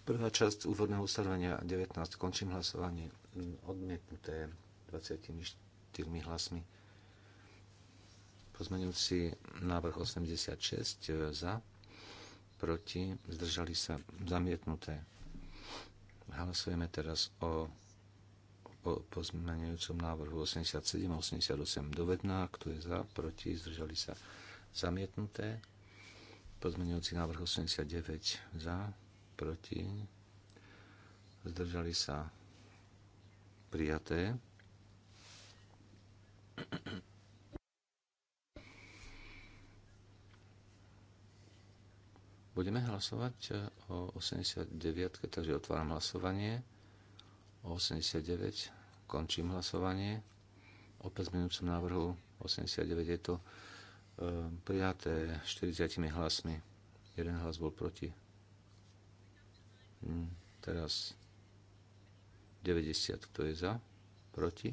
Prvá časť úvodného ustanovenia 19. Končím hlasovanie. Odmietnuté 24 hlasmi. Pozmenujúci návrh 86 e, za proti, zdržali sa zamietnuté. Hlasujeme teraz o, o pozmeňujúcom návrhu 87 a 88 dovedná, kto je za, proti, zdržali sa zamietnuté. Pozmeňujúci návrh 89 za, proti, zdržali sa prijaté. Budeme hlasovať e, o 89, takže otváram hlasovanie. O 89 končím hlasovanie. O som návrhu 89 je to e, prijaté 40 hlasmi. Jeden hlas bol proti. Hm, teraz 90, kto je za? Proti?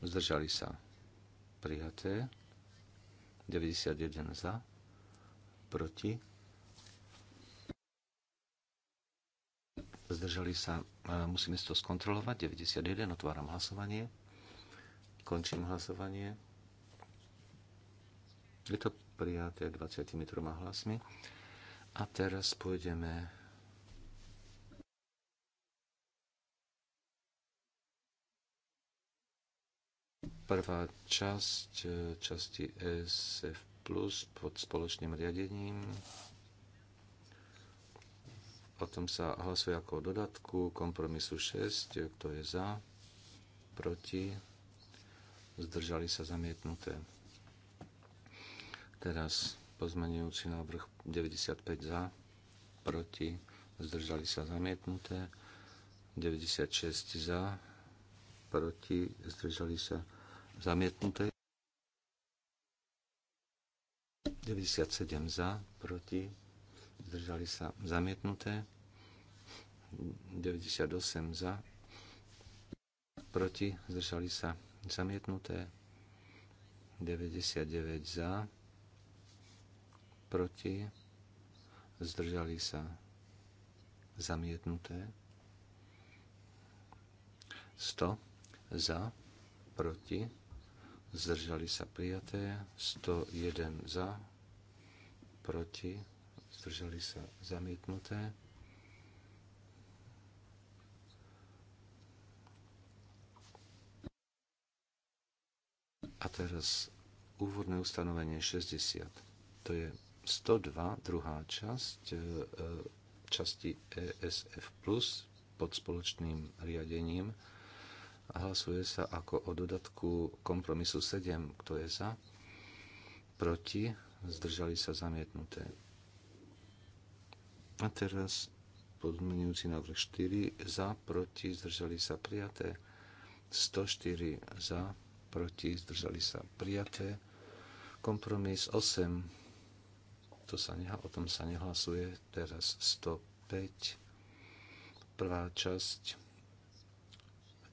Zdržali sa. Prijaté. 91 za. Proti? zdržali sa, musíme si to skontrolovať, 91, otváram hlasovanie, končím hlasovanie. Je to prijaté 23 hlasmi. A teraz pôjdeme prvá časť časti SF Plus pod spoločným riadením O tom sa hlasuje ako o dodatku kompromisu 6. Kto je za? Proti? Zdržali sa zamietnuté. Teraz pozmenujúci návrh 95 za, proti, zdržali sa zamietnuté, 96 za, proti, zdržali sa zamietnuté, 97 za, proti, zdržali sa zamietnuté, 98 za, proti, zdržali sa zamietnuté, 99 za, proti, zdržali sa zamietnuté, 100 za, proti, zdržali sa prijaté, 101 za, proti, zdržali sa zamietnuté. A teraz úvodné ustanovenie 60. To je 102, druhá časť e, e, časti ESF+, pod spoločným riadením. Hlasuje sa ako o dodatku kompromisu 7, kto je za, proti, zdržali sa zamietnuté. A teraz podmenujúci návrh 4 za, proti, zdržali sa prijaté. 104 za, proti, zdržali sa prijaté. Kompromis 8, to sa neha, o tom sa nehlasuje, teraz 105, prvá časť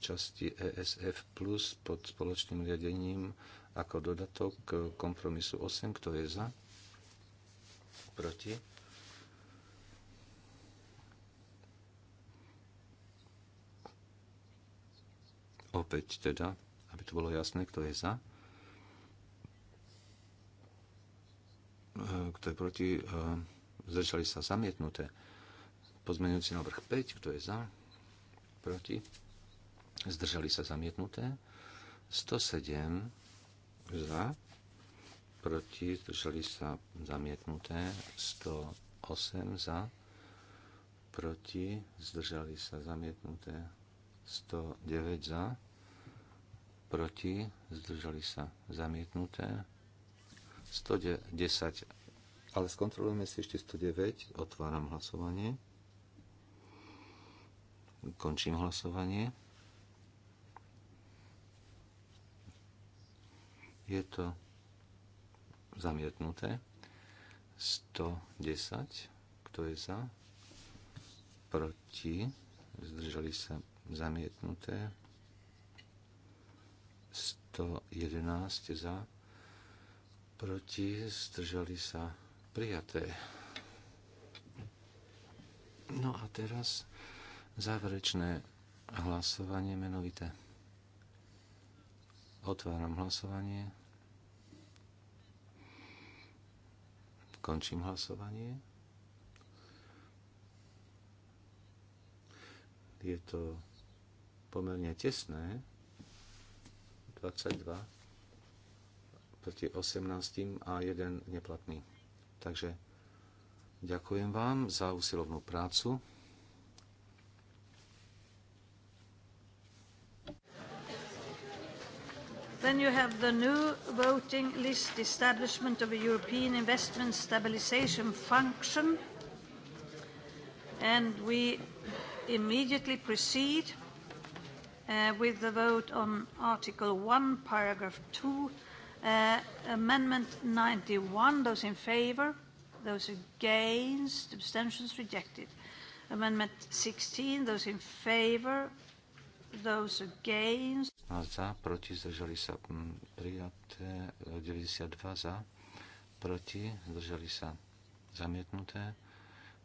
časti ESF plus pod spoločným riadením ako dodatok kompromisu 8, kto je za, proti Opäť teda, aby to bolo jasné, kto je za. E, kto je proti? E, zdržali sa zamietnuté. Pozmenujúci návrh 5, kto je za? Proti? Zdržali sa zamietnuté. 107 za, proti, zdržali sa zamietnuté, 108 za, proti, zdržali sa zamietnuté, 109 za, proti, zdržali sa zamietnuté. 110, ale skontrolujeme si ešte 109, otváram hlasovanie. Končím hlasovanie. Je to zamietnuté. 110, kto je za? Proti, zdržali sa zamietnuté. 111 za, proti, zdržali sa prijaté. No a teraz záverečné hlasovanie menovité. Otváram hlasovanie. Končím hlasovanie. Je to pomerne tesné. 22 proti 18 a jeden neplatný. Takže ďakujem vám za usilovnú prácu. Then you have the new voting list, establishment of a European investment stabilization function. And we immediately proceed uh, with the vote on Article 1, Paragraph 2. Uh, amendment 91, those in favor, those against, abstentions rejected. Amendment 16, those in favor, those against. A za, proti, zdržali sa m, mm, prijaté, 92 e, za, proti, zdržali sa zamietnuté,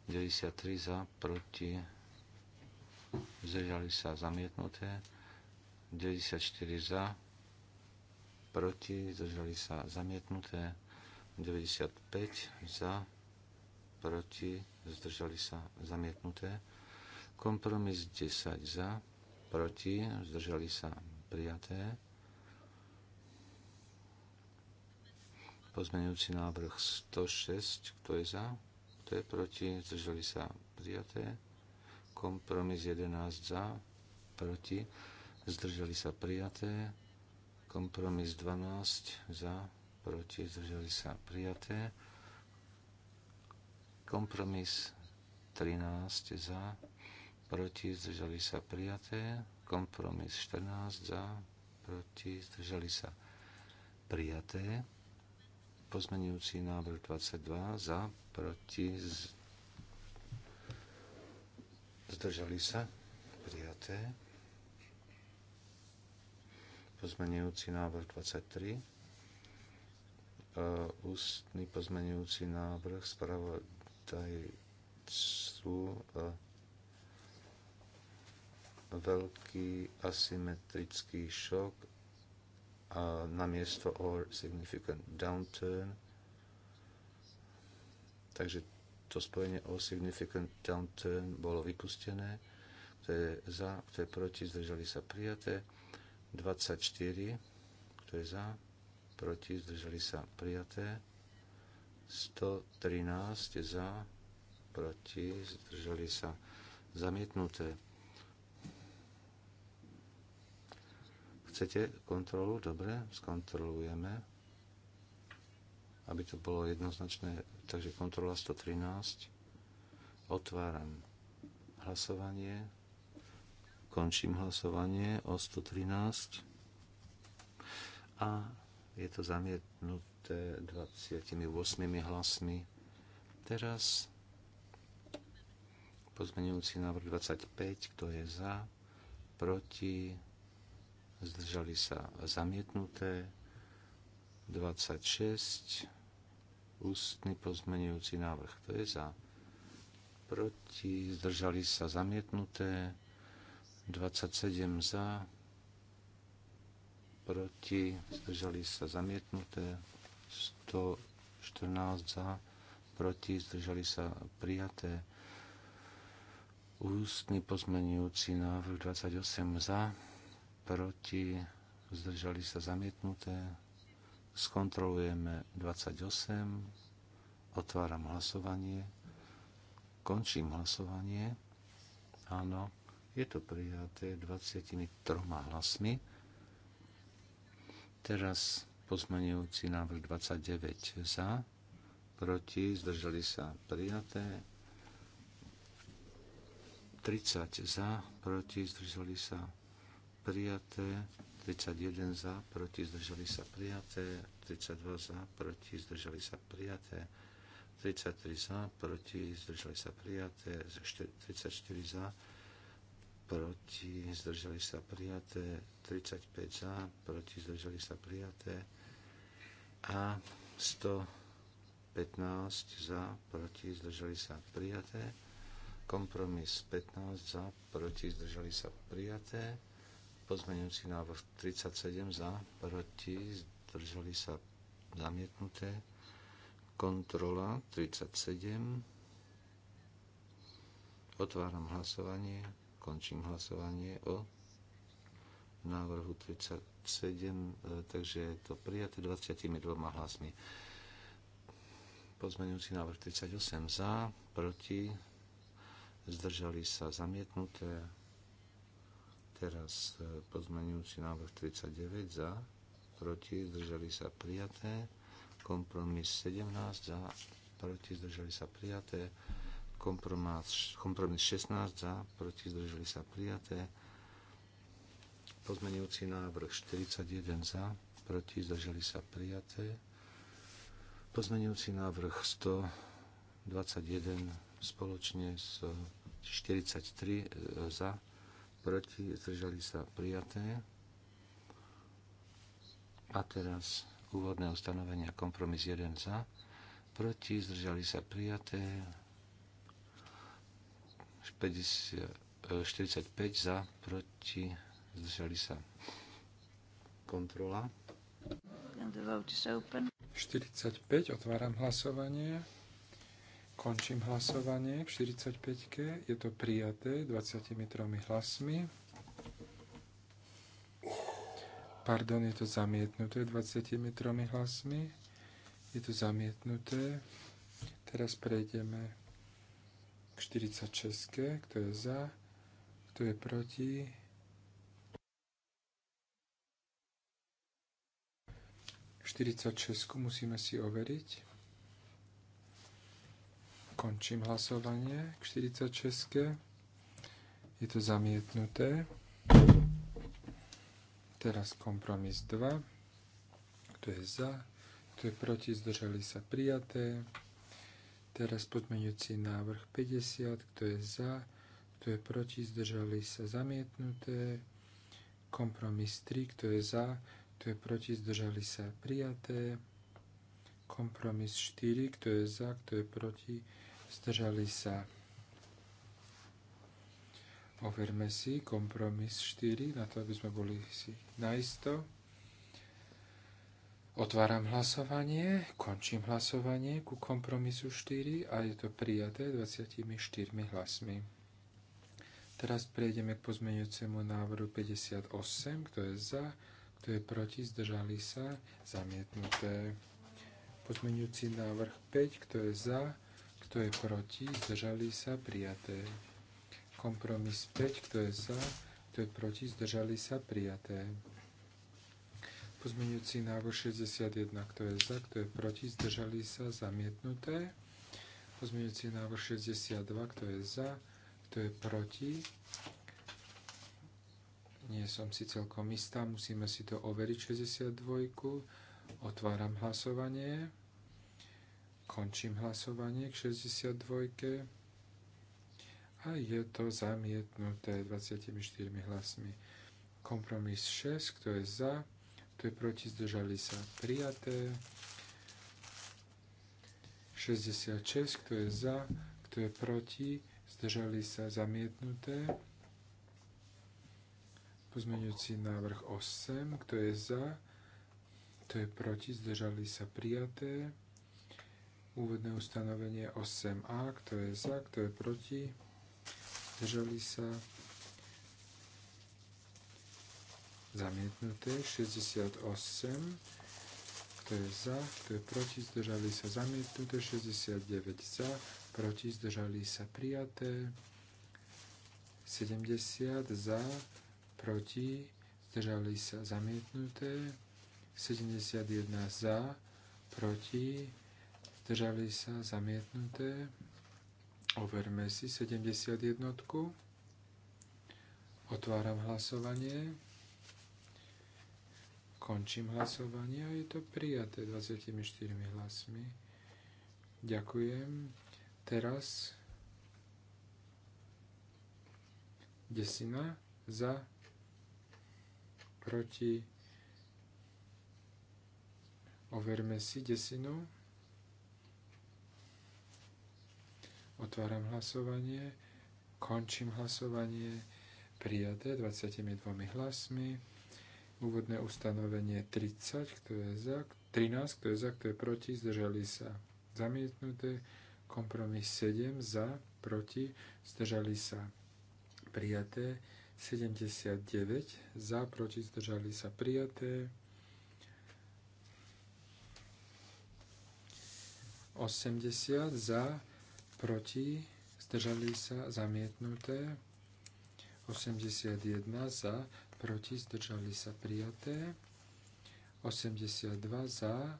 93 za, proti, zdržali sa zamietnuté, 94 za, proti, zdržali sa zamietnuté, 95 za, proti, zdržali sa zamietnuté, kompromis 10 za, proti, zdržali sa prijaté, pozmenujúci návrh 106, kto je za, kto je proti, zdržali sa prijaté, Kompromis 11 za, proti, zdržali sa prijaté. Kompromis 12 za, proti, zdržali sa prijaté. Kompromis 13 za, proti, zdržali sa prijaté. Kompromis 14 za, proti, zdržali sa prijaté. Pozmenujúci návrh 22 za, proti, zdržali zdržali sa, prijaté. Pozmenujúci návrh 23, e, ústny pozmenujúci návrh spravodajcu e, veľký asymetrický šok a na miesto or significant downturn. Takže to spojenie o significant downturn bolo vypustené. Kto je za, kto je proti, zdržali sa prijaté. 24, kto je za, proti, zdržali sa prijaté. 113 za, proti, zdržali sa zamietnuté. Chcete kontrolu? Dobre, skontrolujeme aby to bolo jednoznačné. Takže kontrola 113. Otváram hlasovanie. Končím hlasovanie o 113. A je to zamietnuté 28 hlasmi. Teraz pozmenujúci návrh 25, kto je za, proti, zdržali sa zamietnuté, 26, ústny pozmenujúci návrh. To je za. Proti. Zdržali sa zamietnuté. 27 za. Proti. Zdržali sa zamietnuté. 114 za. Proti. Zdržali sa prijaté. Ústny pozmenujúci návrh 28 za. Proti. Zdržali sa zamietnuté. Skontrolujeme 28. Otváram hlasovanie. Končím hlasovanie. Áno, je to prijaté 23 hlasmi. Teraz pozmenujúci návrh 29 za, proti, zdržali sa prijaté. 30 za, proti, zdržali sa prijaté. 31 za, proti zdržali sa prijaté, 32 za, proti zdržali sa prijaté, 33 za, proti zdržali sa prijaté, 34 za, proti zdržali sa prijaté, 35 za, proti zdržali sa prijaté a 115 za, proti zdržali sa prijaté, kompromis 15 za, proti zdržali sa prijaté, pozmeňujúci návrh 37 za, proti, zdržali sa zamietnuté. Kontrola 37. Otváram hlasovanie, končím hlasovanie o návrhu 37, e, takže je to prijaté 22 hlasmi. Pozmeňujúci návrh 38 za, proti, zdržali sa zamietnuté, Teraz e, pozmenujúci návrh 39 za, proti, zdržali sa prijaté. Kompromis 17 za, proti, zdržali sa prijaté. Kompromis, kompromis 16 za, proti, zdržali sa prijaté. Pozmenujúci návrh 41 za, proti, zdržali sa prijaté. Pozmenujúci návrh 121 spoločne s 43 e, za, proti, zdržali sa prijaté. A teraz úvodné ustanovenia kompromis 1 za, proti, zdržali sa prijaté. 45 za, proti, zdržali sa kontrola. 45, otváram hlasovanie. Končím hlasovanie v 45. Je to prijaté 23 hlasmi. Pardon, je to zamietnuté 23 hlasmi. Je to zamietnuté. Teraz prejdeme k 46. Kto je za? Kto je proti? 46 musíme si overiť. Končím hlasovanie k 46. Je to zamietnuté. Teraz kompromis 2. Kto je za? Kto je proti? Zdržali sa prijaté. Teraz podmenujúci návrh 50. Kto je za? Kto je proti? Zdržali sa zamietnuté. Kompromis 3. Kto je za? Kto je proti? Zdržali sa prijaté. Kompromis 4. Kto je za? Kto je proti? zdržali sa. Overme si kompromis 4, na to, aby sme boli si naisto. Otváram hlasovanie, končím hlasovanie ku kompromisu 4 a je to prijaté 24 hlasmi. Teraz prejdeme k pozmeňujúcemu návrhu 58, kto je za, kto je proti, zdržali sa, zamietnuté. Pozmeňujúci návrh 5, kto je za, kto je proti? Zdržali sa? Prijaté. Kompromis 5. Kto je za? Kto je proti? Zdržali sa? Prijaté. Pozmeňujúci návrh 61. Kto je za? Kto je proti? Zdržali sa? Zamietnuté. Pozmeňujúci návrh 62. Kto je za? Kto je proti? Nie som si celkom istá. Musíme si to overiť 62. Otváram hlasovanie. Končím hlasovanie k 62. A je to zamietnuté 24 hlasmi. Kompromis 6, kto je za, kto je proti, zdržali sa prijaté. 66, kto je za, kto je proti, zdržali sa zamietnuté. Pozmeňujúci návrh 8, kto je za, kto je proti, zdržali sa prijaté úvodné ustanovenie 8a, kto je za, kto je proti, zdržali sa, zamietnuté, 68, kto je za, kto je proti, zdržali sa, zamietnuté, 69 za, proti, zdržali sa, prijaté, 70 za, proti, zdržali sa, zamietnuté, 71 za, proti, Držali sa, zamietnuté. Overme si 71. Otváram hlasovanie. Končím hlasovanie a je to prijaté 24 hlasmi. Ďakujem. Teraz desina za proti overme si desinu. Otváram hlasovanie. Končím hlasovanie. Prijaté 22 hlasmi. Úvodné ustanovenie 30, kto je za, 13, kto je za, kto je proti, zdržali sa. Zamietnuté. Kompromis 7, za, proti, zdržali sa. Prijaté. 79, za, proti, zdržali sa. Prijaté. 80 za, proti, zdržali sa, zamietnuté. 81 za, proti, zdržali sa, prijaté. 82 za,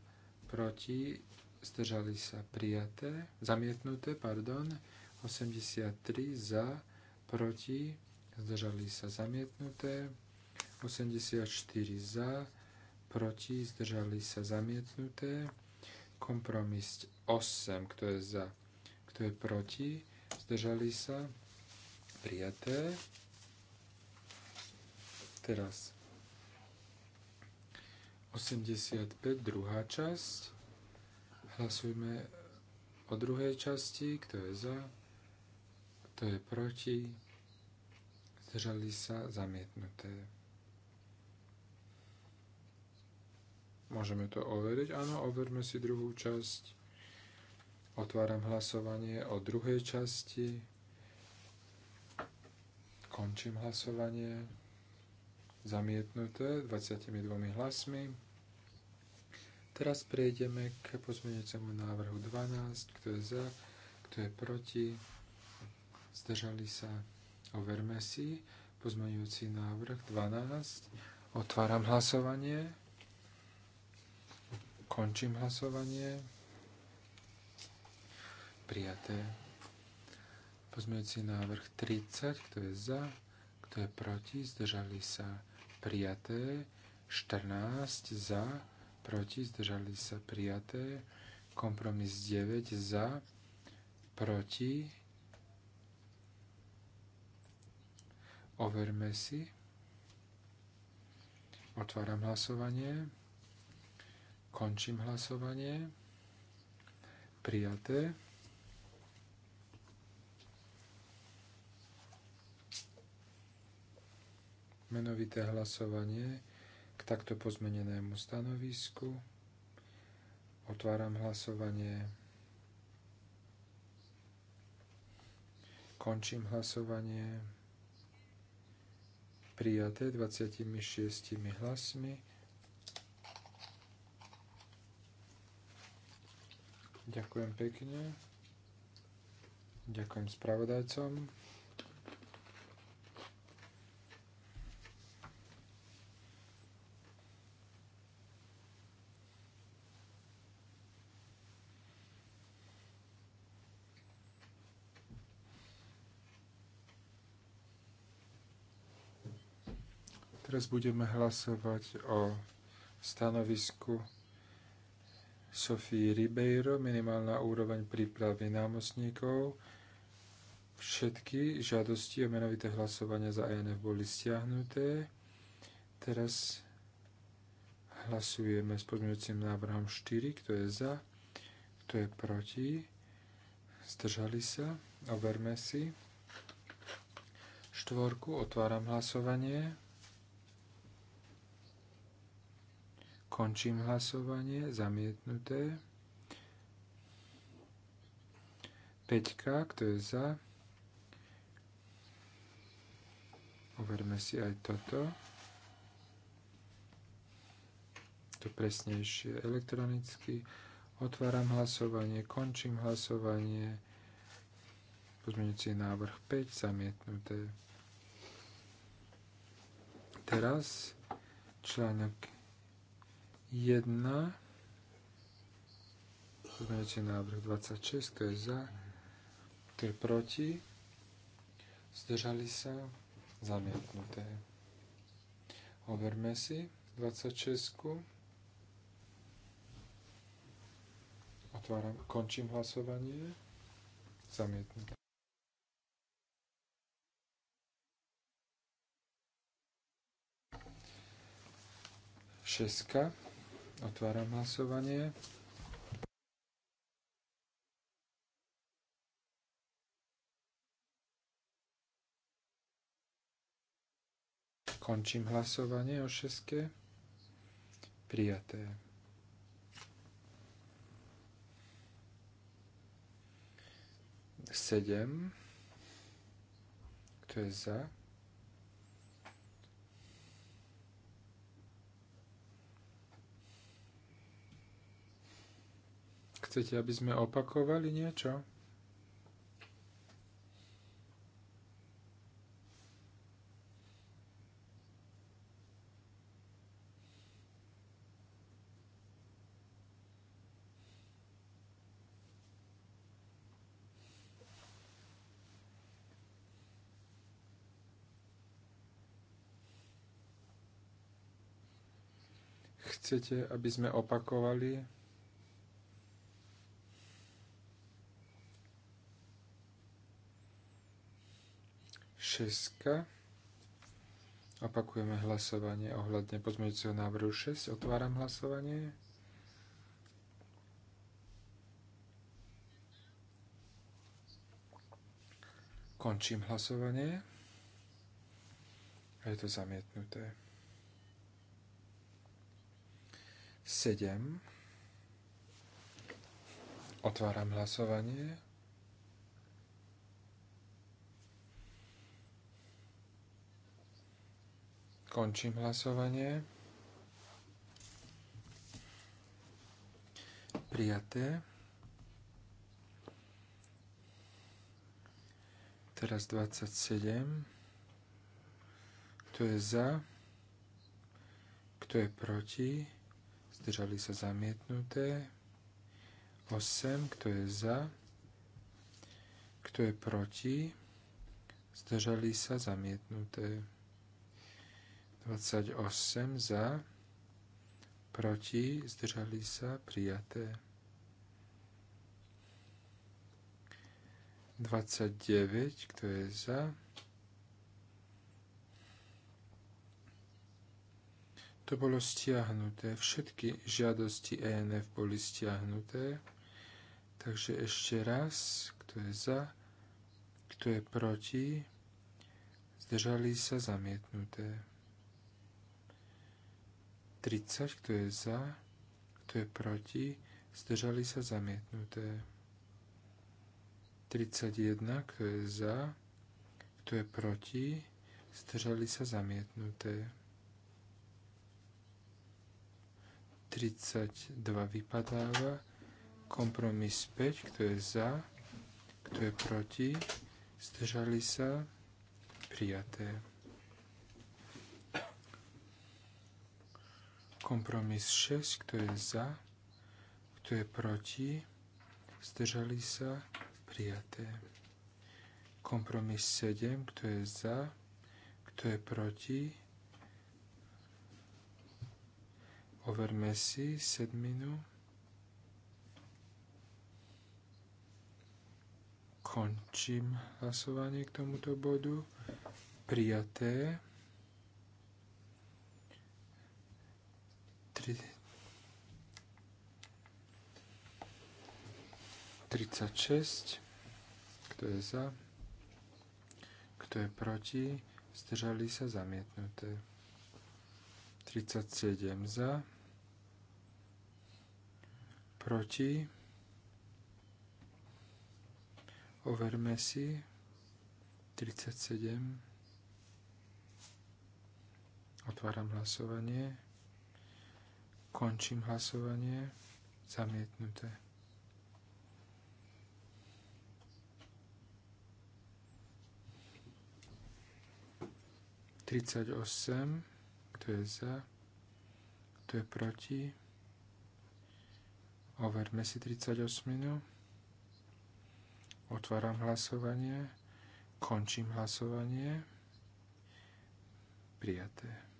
proti, zdržali sa, prijaté. Zamietnuté, pardon. 83 za, proti, zdržali sa, zamietnuté. 84 za, proti, zdržali sa, zamietnuté. Kompromis 8, kto je za, kto je proti? Zdržali sa? Prijaté. Teraz 85, druhá časť. Hlasujme o druhej časti. Kto je za? Kto je proti? Zdržali sa? Zamietnuté. Môžeme to overiť? Áno, overme si druhú časť. Otváram hlasovanie o druhej časti. Končím hlasovanie. Zamietnuté 22 hlasmi. Teraz prejdeme k pozmeňujúcemu návrhu 12. Kto je za, kto je proti? Zdržali sa. Overme si. Pozmeňujúci návrh 12. Otváram hlasovanie. Končím hlasovanie prijaté. Pozmeňujúci návrh 30, kto je za, kto je proti, zdržali sa prijaté. 14 za, proti, zdržali sa prijaté. Kompromis 9 za, proti. Overme si. Otváram hlasovanie. Končím hlasovanie. Prijaté. menovité hlasovanie k takto pozmenenému stanovisku. Otváram hlasovanie. Končím hlasovanie. Prijaté 26 hlasmi. Ďakujem pekne. Ďakujem spravodajcom. Teraz budeme hlasovať o stanovisku Sofii Ribeiro, minimálna úroveň prípravy námocníkov. Všetky žiadosti o menovité hlasovanie za ANF boli stiahnuté. Teraz hlasujeme s pozmeňujúcim návrhom 4, kto je za, kto je proti. Zdržali sa, overme si. Štvorku, otváram hlasovanie. Končím hlasovanie. Zamietnuté. 5. Kto je za? Overme si aj toto. To presnejšie elektronicky. Otváram hlasovanie, končím hlasovanie. Pozmeňujúci návrh 5 zamietnuté. Teraz článok 1, pozmeňujúci návrh 26, kto je za, kto je proti, zdržali sa, zamietnuté. Overme si 26. Otváram, končím hlasovanie. Zamietnuté. Šeska. Otváram hlasovanie. Končím hlasovanie o šeske. Prijaté. Sedem. Kto je za? Chcete, aby sme opakovali niečo? chcete, aby sme opakovali 6. Opakujeme hlasovanie ohľadne pozmeňujúceho návrhu 6. Otváram hlasovanie. Končím hlasovanie. A je to zamietnuté. 7. Otváram hlasovanie. Končím hlasovanie. Prijaté. Teraz 27. Kto je za? Kto je proti? Zdržali sa zamietnuté. 8. Kto je za? Kto je proti? Zdržali sa zamietnuté. 28 za, proti, zdržali sa, prijaté. 29, kto je za. To bolo stiahnuté. Všetky žiadosti ENF boli stiahnuté. Takže ešte raz, kto je za, kto je proti, zdržali sa zamietnuté. 30, kto je za, kto je proti, zdržali sa zamietnuté. 31, kto je za, kto je proti, zdržali sa zamietnuté. 32 vypadáva, kompromis 5, kto je za, kto je proti, zdržali sa prijaté. Kompromis 6, kto je za, kto je proti, zdržali sa, prijaté. Kompromis 7, kto je za, kto je proti, overme si sedminu. Končím hlasovanie k tomuto bodu. Prijaté. 36. Kto je za? Kto je proti? Zdržali sa zamietnuté. 37 za. Proti. Overme si. 37. Otváram hlasovanie. Končím hlasovanie. Zamietnuté. Tridsať osem. Kto je za? Kto je proti? Overme si 38. Otváram hlasovanie. Končím hlasovanie. Prijaté.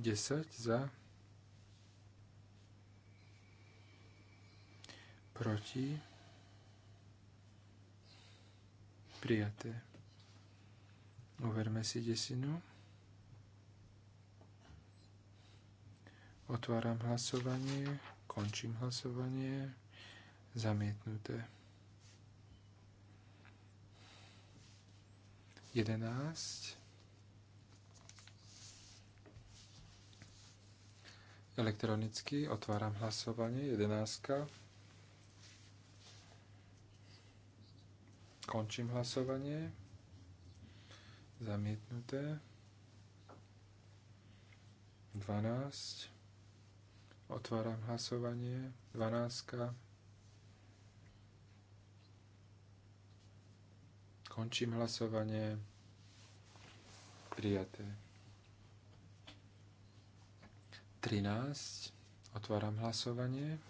10 za, proti, prijaté. Overme si desinu. Otváram hlasovanie, končím hlasovanie, zamietnuté. 11 Elektronicky otváram hlasovanie. 11. Končím hlasovanie. Zamietnuté. 12. Otváram hlasovanie. 12. Končím hlasovanie. Prijaté. 13. Otváram hlasovanie.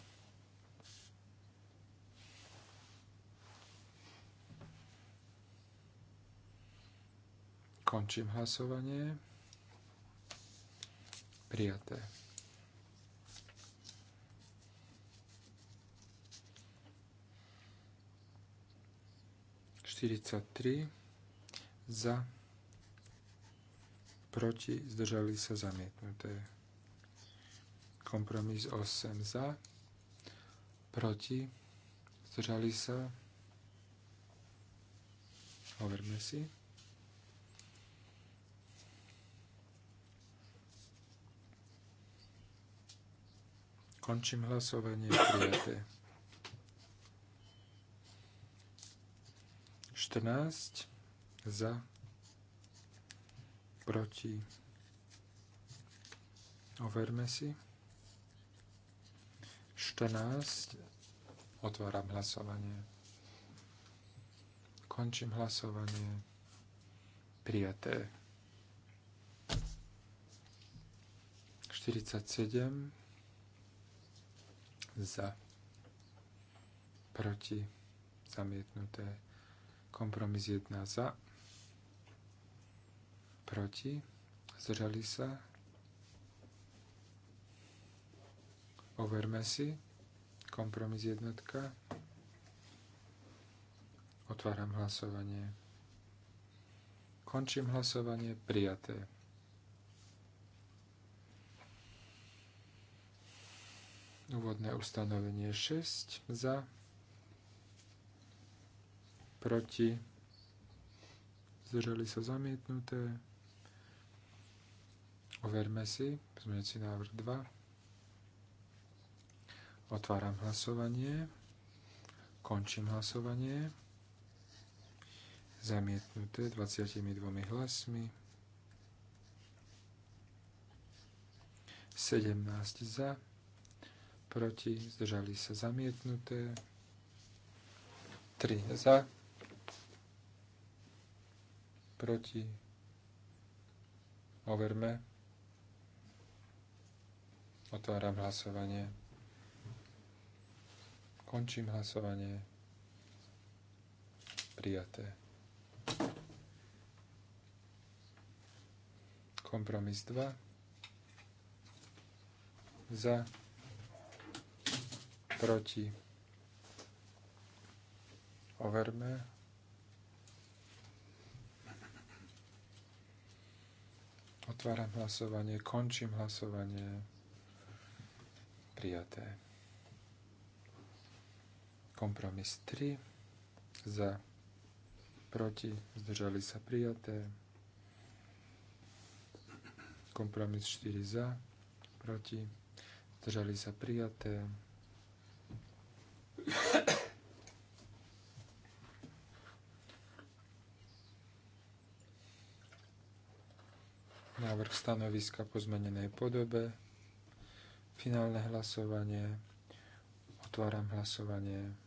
Končím hlasovanie. Prijaté. za, proti, zdržali sa zamietnuté. Kompromis 8 za, proti, zdržali sa, overme si. Končím hlasovanie prijaté. 14 za, proti, overme si. 14. Otváram hlasovanie. Končím hlasovanie. Prijaté. 47 za proti zamietnuté kompromis 1 za proti zdržali sa Overme si. Kompromis jednotka. Otváram hlasovanie. Končím hlasovanie. Prijaté. Úvodné ustanovenie 6 za, proti, zdržali sa zamietnuté. Overme si, pozmeňujúci návrh 2. Otváram hlasovanie. Končím hlasovanie. Zamietnuté 22 hlasmi. 17 za, proti, zdržali sa zamietnuté. 3 za, proti, overme. Otváram hlasovanie. Končím hlasovanie. Prijaté. Kompromis 2. Za. Proti. Overme. Otváram hlasovanie, končím hlasovanie. Prijaté. Kompromis 3 za, proti, zdržali sa prijaté. Kompromis 4 za, proti, zdržali sa prijaté. Návrh stanoviska po zmenenej podobe. Finálne hlasovanie. Otváram hlasovanie.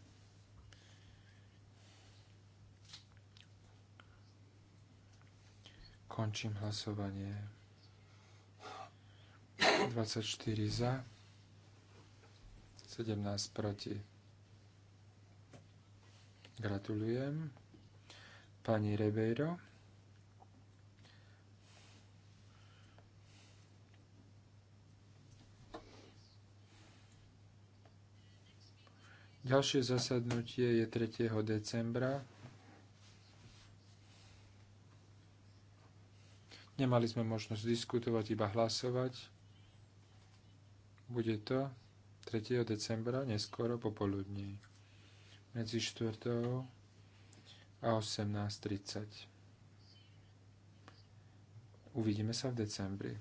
Končím hlasovanie. 24 za, 17 proti. Gratulujem. Pani Rebeiro. Ďalšie zasadnutie je 3. decembra Nemali sme možnosť diskutovať, iba hlasovať. Bude to 3. decembra, neskoro popoludní, medzi 4. a 18.30. Uvidíme sa v decembri.